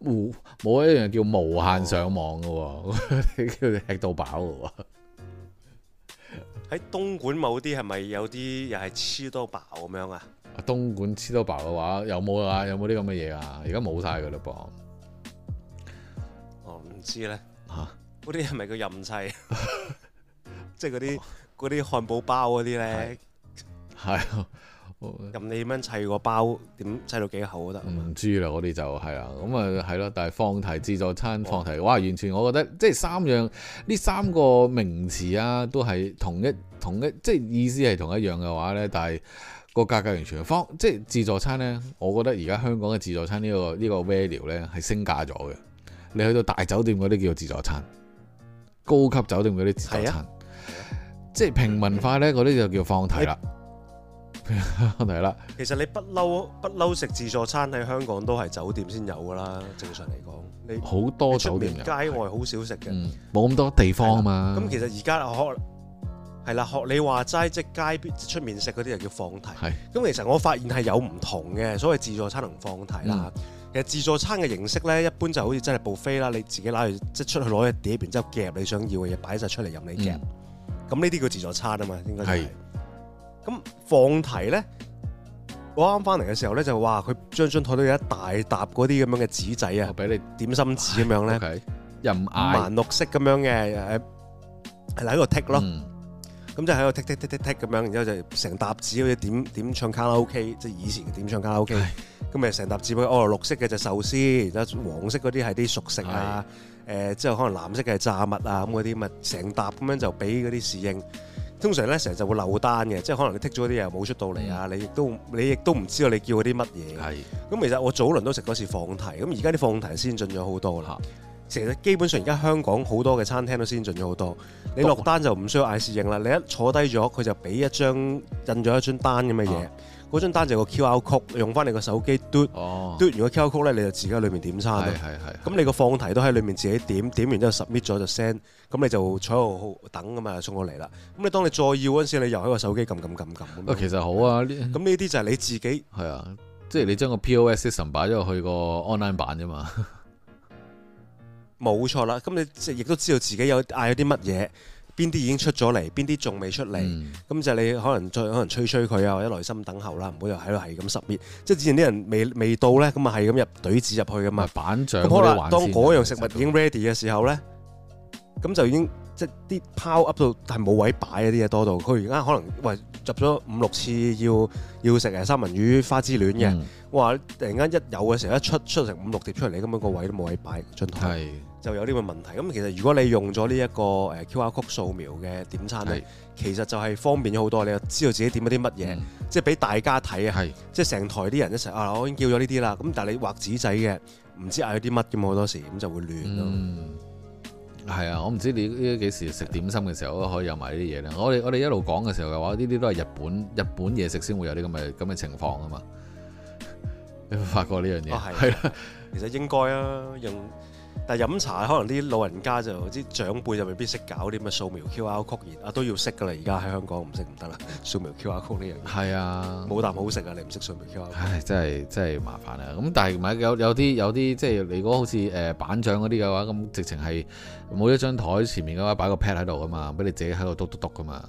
冇一樣叫無限上網噶，你、哦、叫你吃到飽噶。喺東莞某啲係咪有啲又係黐多爆咁樣啊？東莞黐多爆嘅話有冇啊？有冇啲咁嘅嘢啊？而家冇晒噶啦噃。我唔知咧嚇，嗰啲係咪個任砌？即係嗰啲啲漢堡包嗰啲咧，係啊。任你點樣砌個包，點砌到幾厚都得。唔知啦，啲就係啊，咁啊係咯。但係放題自助餐，哦、放題哇，完全我覺得即係三樣呢三個名詞啊，都係同一同一即係意思係同一樣嘅話呢。但係個價格完全方即係自助餐呢，我覺得而家香港嘅自助餐呢、這個呢、這個 value 呢係升價咗嘅。你去到大酒店嗰啲叫做自助餐，高級酒店嗰啲自助餐，啊、即係平民化呢嗰啲 就叫放題啦。欸問 啦，其實你不嬲不嬲食自助餐喺香港都係酒店先有噶啦，正常嚟講，你好多酒店外街外好少食嘅，冇咁、嗯、多地方嘛。咁其實而家學係啦，學你話齋即，街邊出面食嗰啲又叫放題。咁，其實我發現係有唔同嘅，所謂自助餐同放題啦、嗯。其實自助餐嘅形式咧，一般就好似真係 buffet 啦，你自己攞去即係出去攞隻碟，然之後夾你想要嘅嘢擺晒出嚟，任你夾。咁呢啲叫自助餐啊嘛，應該係。咁放題咧，我啱翻嚟嘅時候咧就哇，佢張張枱都有一大沓嗰啲咁樣嘅紙仔啊，俾你點心紙咁樣咧，又唔啱，顏、okay，六色咁樣嘅，係喺度剔 a 咯，咁、嗯、就喺度剔剔剔 e t 咁樣，然後就成沓紙好似點點唱卡拉 OK，即係以前點唱卡拉 OK，咁咪成沓紙，我、哦、話綠色嘅就壽司，然之後黃色嗰啲係啲熟食啊，誒、嗯呃、之後可能藍色嘅係炸物啊咁嗰啲，咪成沓咁樣就俾嗰啲侍應。通常咧成日就會漏單嘅，即係可能你剔咗啲嘢冇出到嚟啊，你亦都你亦都唔知道你叫嗰啲乜嘢。係，咁其實我早輪都食過一次放題，咁而家啲放題先進咗好多啦。其實基本上而家香港好多嘅餐廳都先進咗好多，你落單就唔需要嗌侍應啦，你一坐低咗佢就俾一張印咗一張單咁嘅嘢。嗰張單就個 QR code 用翻你個手機篤，嘟、哦、如果 QR code 咧，你就自己喺裏面點餐啊。咁你個放題都喺裏面自己點，點完之後 submit 咗就 send，咁你就坐喺度等啊嘛，就送過嚟啦。咁你當你再要嗰陣時，你又喺個手機撳撳撳撳啊。其實好啊，咁呢啲就係你自己係啊，即係你將個 POS system 擺咗去個 online 版啫嘛。冇錯啦，咁你即亦都知道自己有嗌咗啲乜嘢。邊啲已經出咗嚟，邊啲仲未出嚟？咁、嗯、就你可能再可能吹吹佢啊，或者耐心等候啦，唔好又喺度係咁塞邊。即係之前啲人未未到咧，咁啊係咁入隊子入去噶嘛。板長咁好啦，當嗰樣食物已經 ready 嘅時候咧，咁就已經即係啲拋 up 到但係冇位擺嗰啲嘢多到，佢而家可能喂執咗五六次要要食嘅三文魚花之戀嘅，嗯、哇！突然間一有嘅時候一出出成五六碟出嚟，你咁樣個位都冇位擺，進台。就有呢個問題。咁其實如果你用咗呢一個誒 QR code 掃描嘅點餐，其實就係方便咗好多。你又知道自己點咗啲乜嘢，即係俾大家睇啊！即係成台啲人一齊啊，我已經叫咗呢啲啦。咁但係你畫紙仔嘅，唔知嗌咗啲乜嘅嘛？好多時咁就會亂咯。係、嗯、啊，我唔知你呢幾時食點心嘅時候都可以有埋呢啲嘢咧。我哋我哋一路講嘅時候嘅話，呢啲都係日本日本嘢食先會有啲咁嘅咁嘅情況啊嘛。你有冇發覺呢樣嘢？嗯哦啊、 其實應該啊用。但係飲茶可能啲老人家就啲長輩就未必識搞啲咁嘅掃描 QR Code，啊都要識㗎啦！而家喺香港唔識唔得啦，掃描 QR Code 呢樣。係啊，冇啖好食啊！你唔識掃描 QR。唉、啊哎，真係真係麻煩啊！咁但係唔係有有啲有啲即係你如果好似、呃、板長嗰啲嘅話，咁直情係冇一張台前面嘅話，擺個 pad 喺度㗎嘛，俾你自己喺度篤篤篤㗎嘛。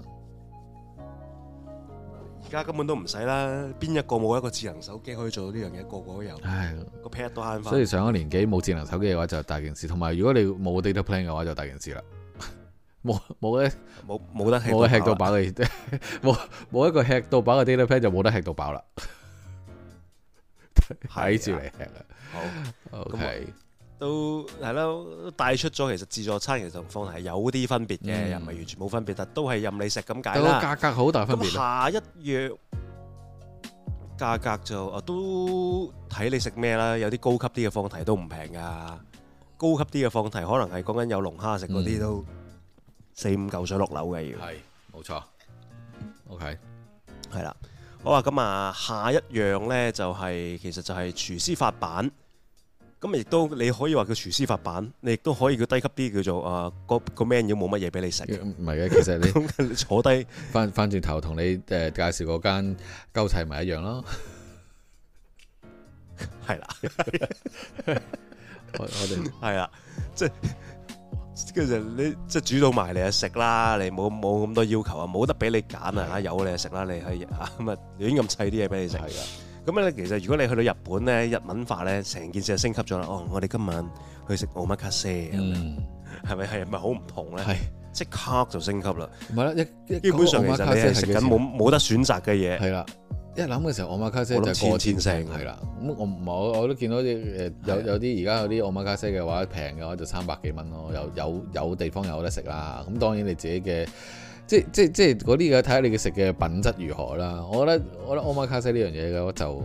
而家根本都唔使啦，邊一個冇一個智能手機可以做到呢樣嘢，個個都有。係，個 pad 都慳翻。所以上咗年紀冇智能手機嘅話就大件事，同埋如果你冇 data plan 嘅話就大件事啦。冇冇咧，冇冇得冇吃到飽嘅，冇冇一個吃到飽嘅 data plan 就冇得吃到飽啦。睇住嚟食啦！好 OK。都係咯，帶出咗其實自助餐其實同放題有啲分別嘅，又唔係完全冇分別，但都係任你食咁解啦。個價格好大分別。咁下一樣價格就啊，都睇你食咩啦。有啲高級啲嘅放題都唔平噶，高級啲嘅放題可能係講緊有龍蝦食嗰啲都四五嚿水落樓嘅要。係，冇錯。OK，係啦。好啊，咁啊，下一樣咧就係其實就係廚師發板。咁亦都你可以話佢廚師發板，你亦都可以叫低級啲叫做啊，個個 menu 冇乜嘢俾你食。唔係嘅，其實你， 你坐低翻翻轉頭同你誒、呃、介紹嗰間鳩砌埋一樣咯，係啦，我哋係啦，即係其實你即係煮到埋你啊食啦，你冇冇咁多要求啊，冇得俾你揀啊，有你啊食啦，你係嚇咁啊亂咁砌啲嘢俾你食係啊。是的 咁咧其實如果你去到日本咧，日文化咧，成件事就升級咗啦，哦，我哋今晚去食奧馬卡西，係咪係咪好唔同咧？係即刻就升級啦。唔係啦，一,一基本上其實你係食緊冇冇得選擇嘅嘢。係、那、啦、個，一諗嘅時候奧馬卡西就過千千聲係啦。咁我我我都見到啲誒有有啲而家有啲奧馬卡西嘅話平嘅話就三百幾蚊咯，有有有地方有得食啦。咁當然你自己嘅。即即即嗰啲嘅睇下你嘅食嘅品質如何啦，我覺得我覺得奧馬卡西呢樣嘢嘅就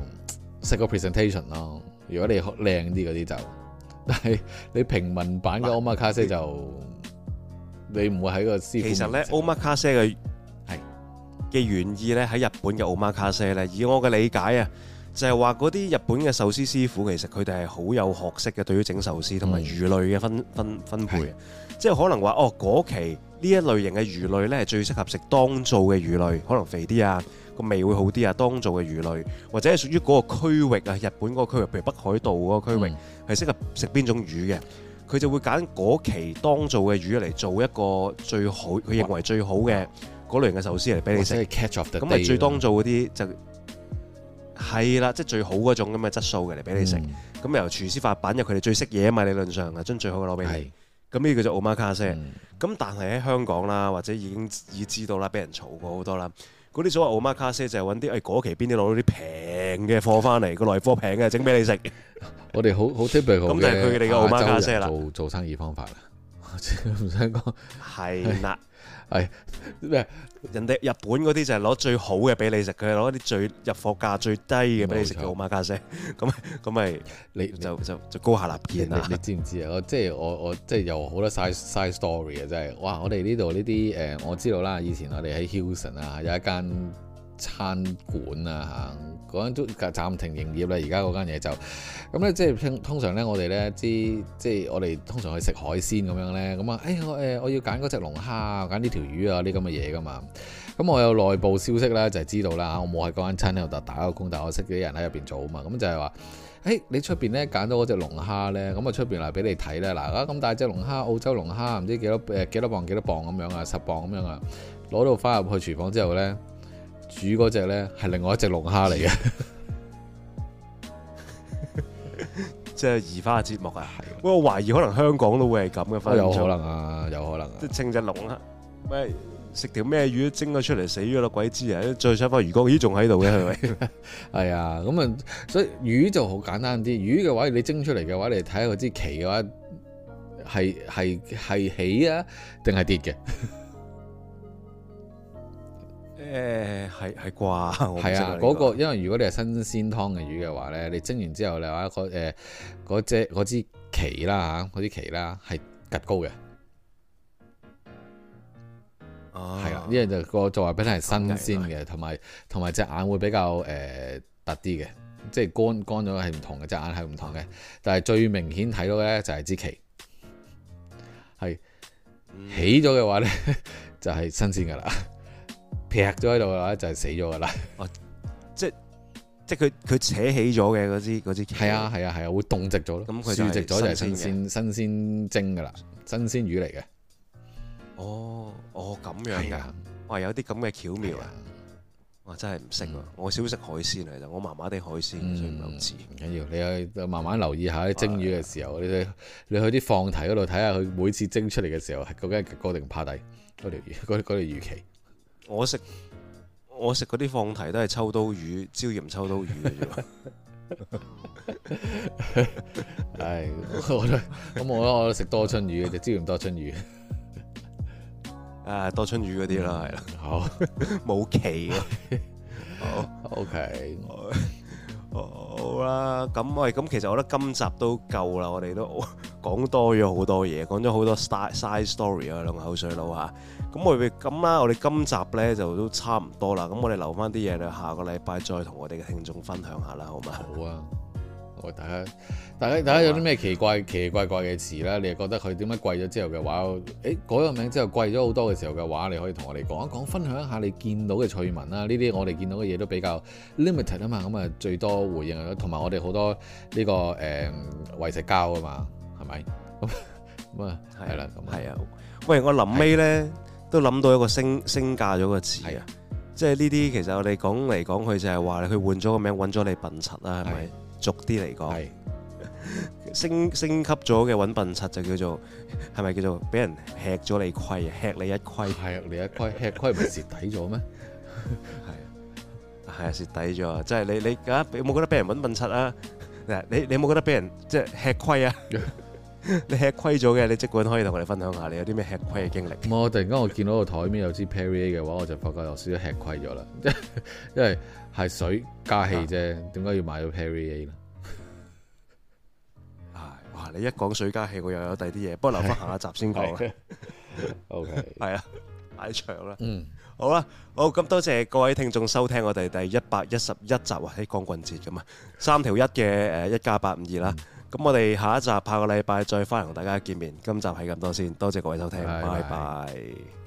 食個 presentation 咯。如果你靚啲嗰啲就，嗯、但係你平民版嘅奧馬卡西就你唔會喺個師傅，Kase,、就是、師傅。其實咧奧馬卡西嘅係嘅原意咧喺日本嘅奧馬卡西咧，以我嘅理解啊，就係話嗰啲日本嘅壽司師傅其實佢哋係好有學識嘅，對於整壽司同埋、嗯、魚類嘅分分分配，是的是的即係可能話哦嗰期。呢一類型嘅魚類呢，係最適合食當造嘅魚類，可能肥啲啊，個味會好啲啊。當造嘅魚類，或者係屬於嗰個區域啊，日本嗰個區域，譬如北海道嗰個區域，係、嗯、適合食邊種魚嘅？佢就會揀嗰期當造嘅魚嚟做一個最好，佢認為最好嘅嗰類型嘅壽司嚟俾你食。Catch of the day 咁啊，最當造嗰啲就係、是、啦，即係、就是、最好嗰種咁嘅質素嘅嚟俾你食。咁、嗯、由廚師發板，由佢哋最識嘢啊嘛，理論上啊，將最好嘅攞俾你。是咁呢個就 Omakase，咁但係喺香港啦，或者已經已知道啦，俾人炒過好多啦。嗰啲所謂 Omakase 就係揾啲誒嗰期邊啲攞到啲平嘅貨翻嚟，個嚟貨平嘅整俾你食。我哋好好 typical 咁就係佢哋嘅 Omakase 啦。做做生意方法啦，我唔使講係啦，係咩？人哋日本嗰啲就係攞最好嘅俾你食，佢係攞啲最入貨價最低嘅俾你食嘅奧馬加西咁咪咁咪你就就就高下立見啦！你知唔知啊？即我、就是、我即係、就是、有好多 size size story 啊！真係、就是、哇！我哋呢度呢啲我知道啦，以前我哋喺 Hilton 啊有一間。餐館啊，嚇嗰間都暫停營業啦。而家嗰間嘢就咁咧，即係通常咧，我哋咧知即係我哋通常去食海鮮咁樣咧，咁啊，誒、哎、我誒我要揀嗰隻龍蝦，揀呢條魚啊，啲咁嘅嘢㗎嘛。咁我有內部消息咧，就係、是、知道啦，我冇喺嗰間餐廳度打打個工，但係我識啲人喺入邊做啊嘛。咁就係話誒，你出邊咧揀到嗰隻龍蝦咧，咁啊出邊嚟俾你睇咧，嗱咁大隻龍蝦，澳洲龍蝦唔知幾多誒幾多磅幾多磅咁樣啊，十磅咁樣啊，攞到翻入去廚房之後咧。煮嗰隻咧係另外一隻龍蝦嚟嘅，即係移花接木啊！喂，我懷疑可能香港都會係咁嘅，有可能啊，有可能。啊。即係蒸隻龍蝦，喂，食條咩魚蒸咗出嚟死咗咯，鬼知啊！再想翻魚缸，咦，仲喺度嘅係咪？係啊，咁啊，所以魚就好簡單啲。魚嘅話，你蒸出嚟嘅話，你睇下支鰭嘅話，係係係起啊，定係跌嘅？誒、呃，係係啩，係啊，嗰、啊這個、那個、因為如果你係新鮮劏嘅魚嘅話咧，你蒸完之後你嗰誒嗰隻嗰支鰭啦吓，嗰啲鰭啦係趌高嘅，係啊，呢、啊、為就個就話俾你係新鮮嘅，同埋同埋隻眼會比較誒凸啲嘅，即係乾乾咗係唔同嘅，隻眼係唔同嘅，但係最明顯睇到咧就係支鰭。係起咗嘅話咧、嗯、 就係新鮮噶啦。劈咗喺度嘅話，就係、是、死咗噶啦。哦， 即即佢佢扯起咗嘅嗰支嗰支鰭。係啊係啊係啊，會凍直咗咯。咁佢煮直咗就係新鮮新鮮，新鮮蒸噶啦，新鮮魚嚟嘅。哦哦，咁樣噶，哇、啊哦！有啲咁嘅巧妙啊！哇、哦，真係唔識啊！我少食海鮮嚟，我麻麻哋海鮮，所以唔知。嗯、唔緊要，你去慢慢留意下蒸魚嘅時候，你、啊啊、你去啲放題嗰度睇下，佢每次蒸出嚟嘅時候究竟係嗰根骨定趴底嗰條魚嗰嗰條魚鰭我食我食嗰啲放題都係秋刀魚，椒鹽秋刀魚嘅啫。係，咁我咧我食多春魚嘅啫，椒鹽多春魚。誒，多春魚嗰啲啦，係啦。好，冇鰭。好，OK，好啦。咁喂，咁其實我覺得今集都夠啦，我哋都。講多咗好多嘢，講咗好多 side story 啊，兩口水佬嚇。咁我哋咁啦，我哋今集咧就都差唔多啦。咁我哋留翻啲嘢，咧下個禮拜再同我哋嘅聽眾分享下啦，好唔好？好啊！我大家大家大家有啲咩奇怪、啊、奇奇怪怪嘅詞咧？你又覺得佢點解貴咗之後嘅話，誒改個名之後貴咗好多嘅時候嘅話，你可以同我哋講一講，分享一下你見到嘅趣聞啦。呢啲我哋見到嘅嘢都比較 limited 啊嘛。咁啊，最多回應同埋我哋好多呢、呢個誒為食膠啊嘛。喂，咁啊，係啦，咁係啊。喂，我臨尾咧都諗到一個升升價咗個詞啊，即係呢啲其實我哋講嚟講去就係話佢換咗個名，搵咗你笨柒啦，係咪？俗啲嚟講，升升級咗嘅搵笨柒就叫做係咪叫做俾人吃咗你虧，吃你一虧？係啊，你一虧吃虧唔蝕底咗咩？係啊，係蝕底咗啊！即係你你啊，有冇覺得俾人搵笨柒啊？嗱，你你有冇覺得俾人即係吃虧啊？你吃虧咗嘅，你即管可以同我哋分享下，你有啲咩吃虧嘅經歷？唔係，我突然間我見到個台面有支 Perrier 嘅話，我就發覺有少少吃虧咗啦， 因為係水加氣啫，點、啊、解要買到 Perrier 咧、啊？哇，你一講水加氣，我又有第二啲嘢，不過留翻下一集先講。O K，係啊，太長啦。好啦，好、哦，咁多謝各位聽眾收聽我哋第一百一十一集啊，喺光棍節咁啊，三條一嘅誒，一加八五二啦。咁我哋下一集下個禮拜再返嚟同大家見面，今集係咁多先，多謝各位收聽，拜拜。拜拜。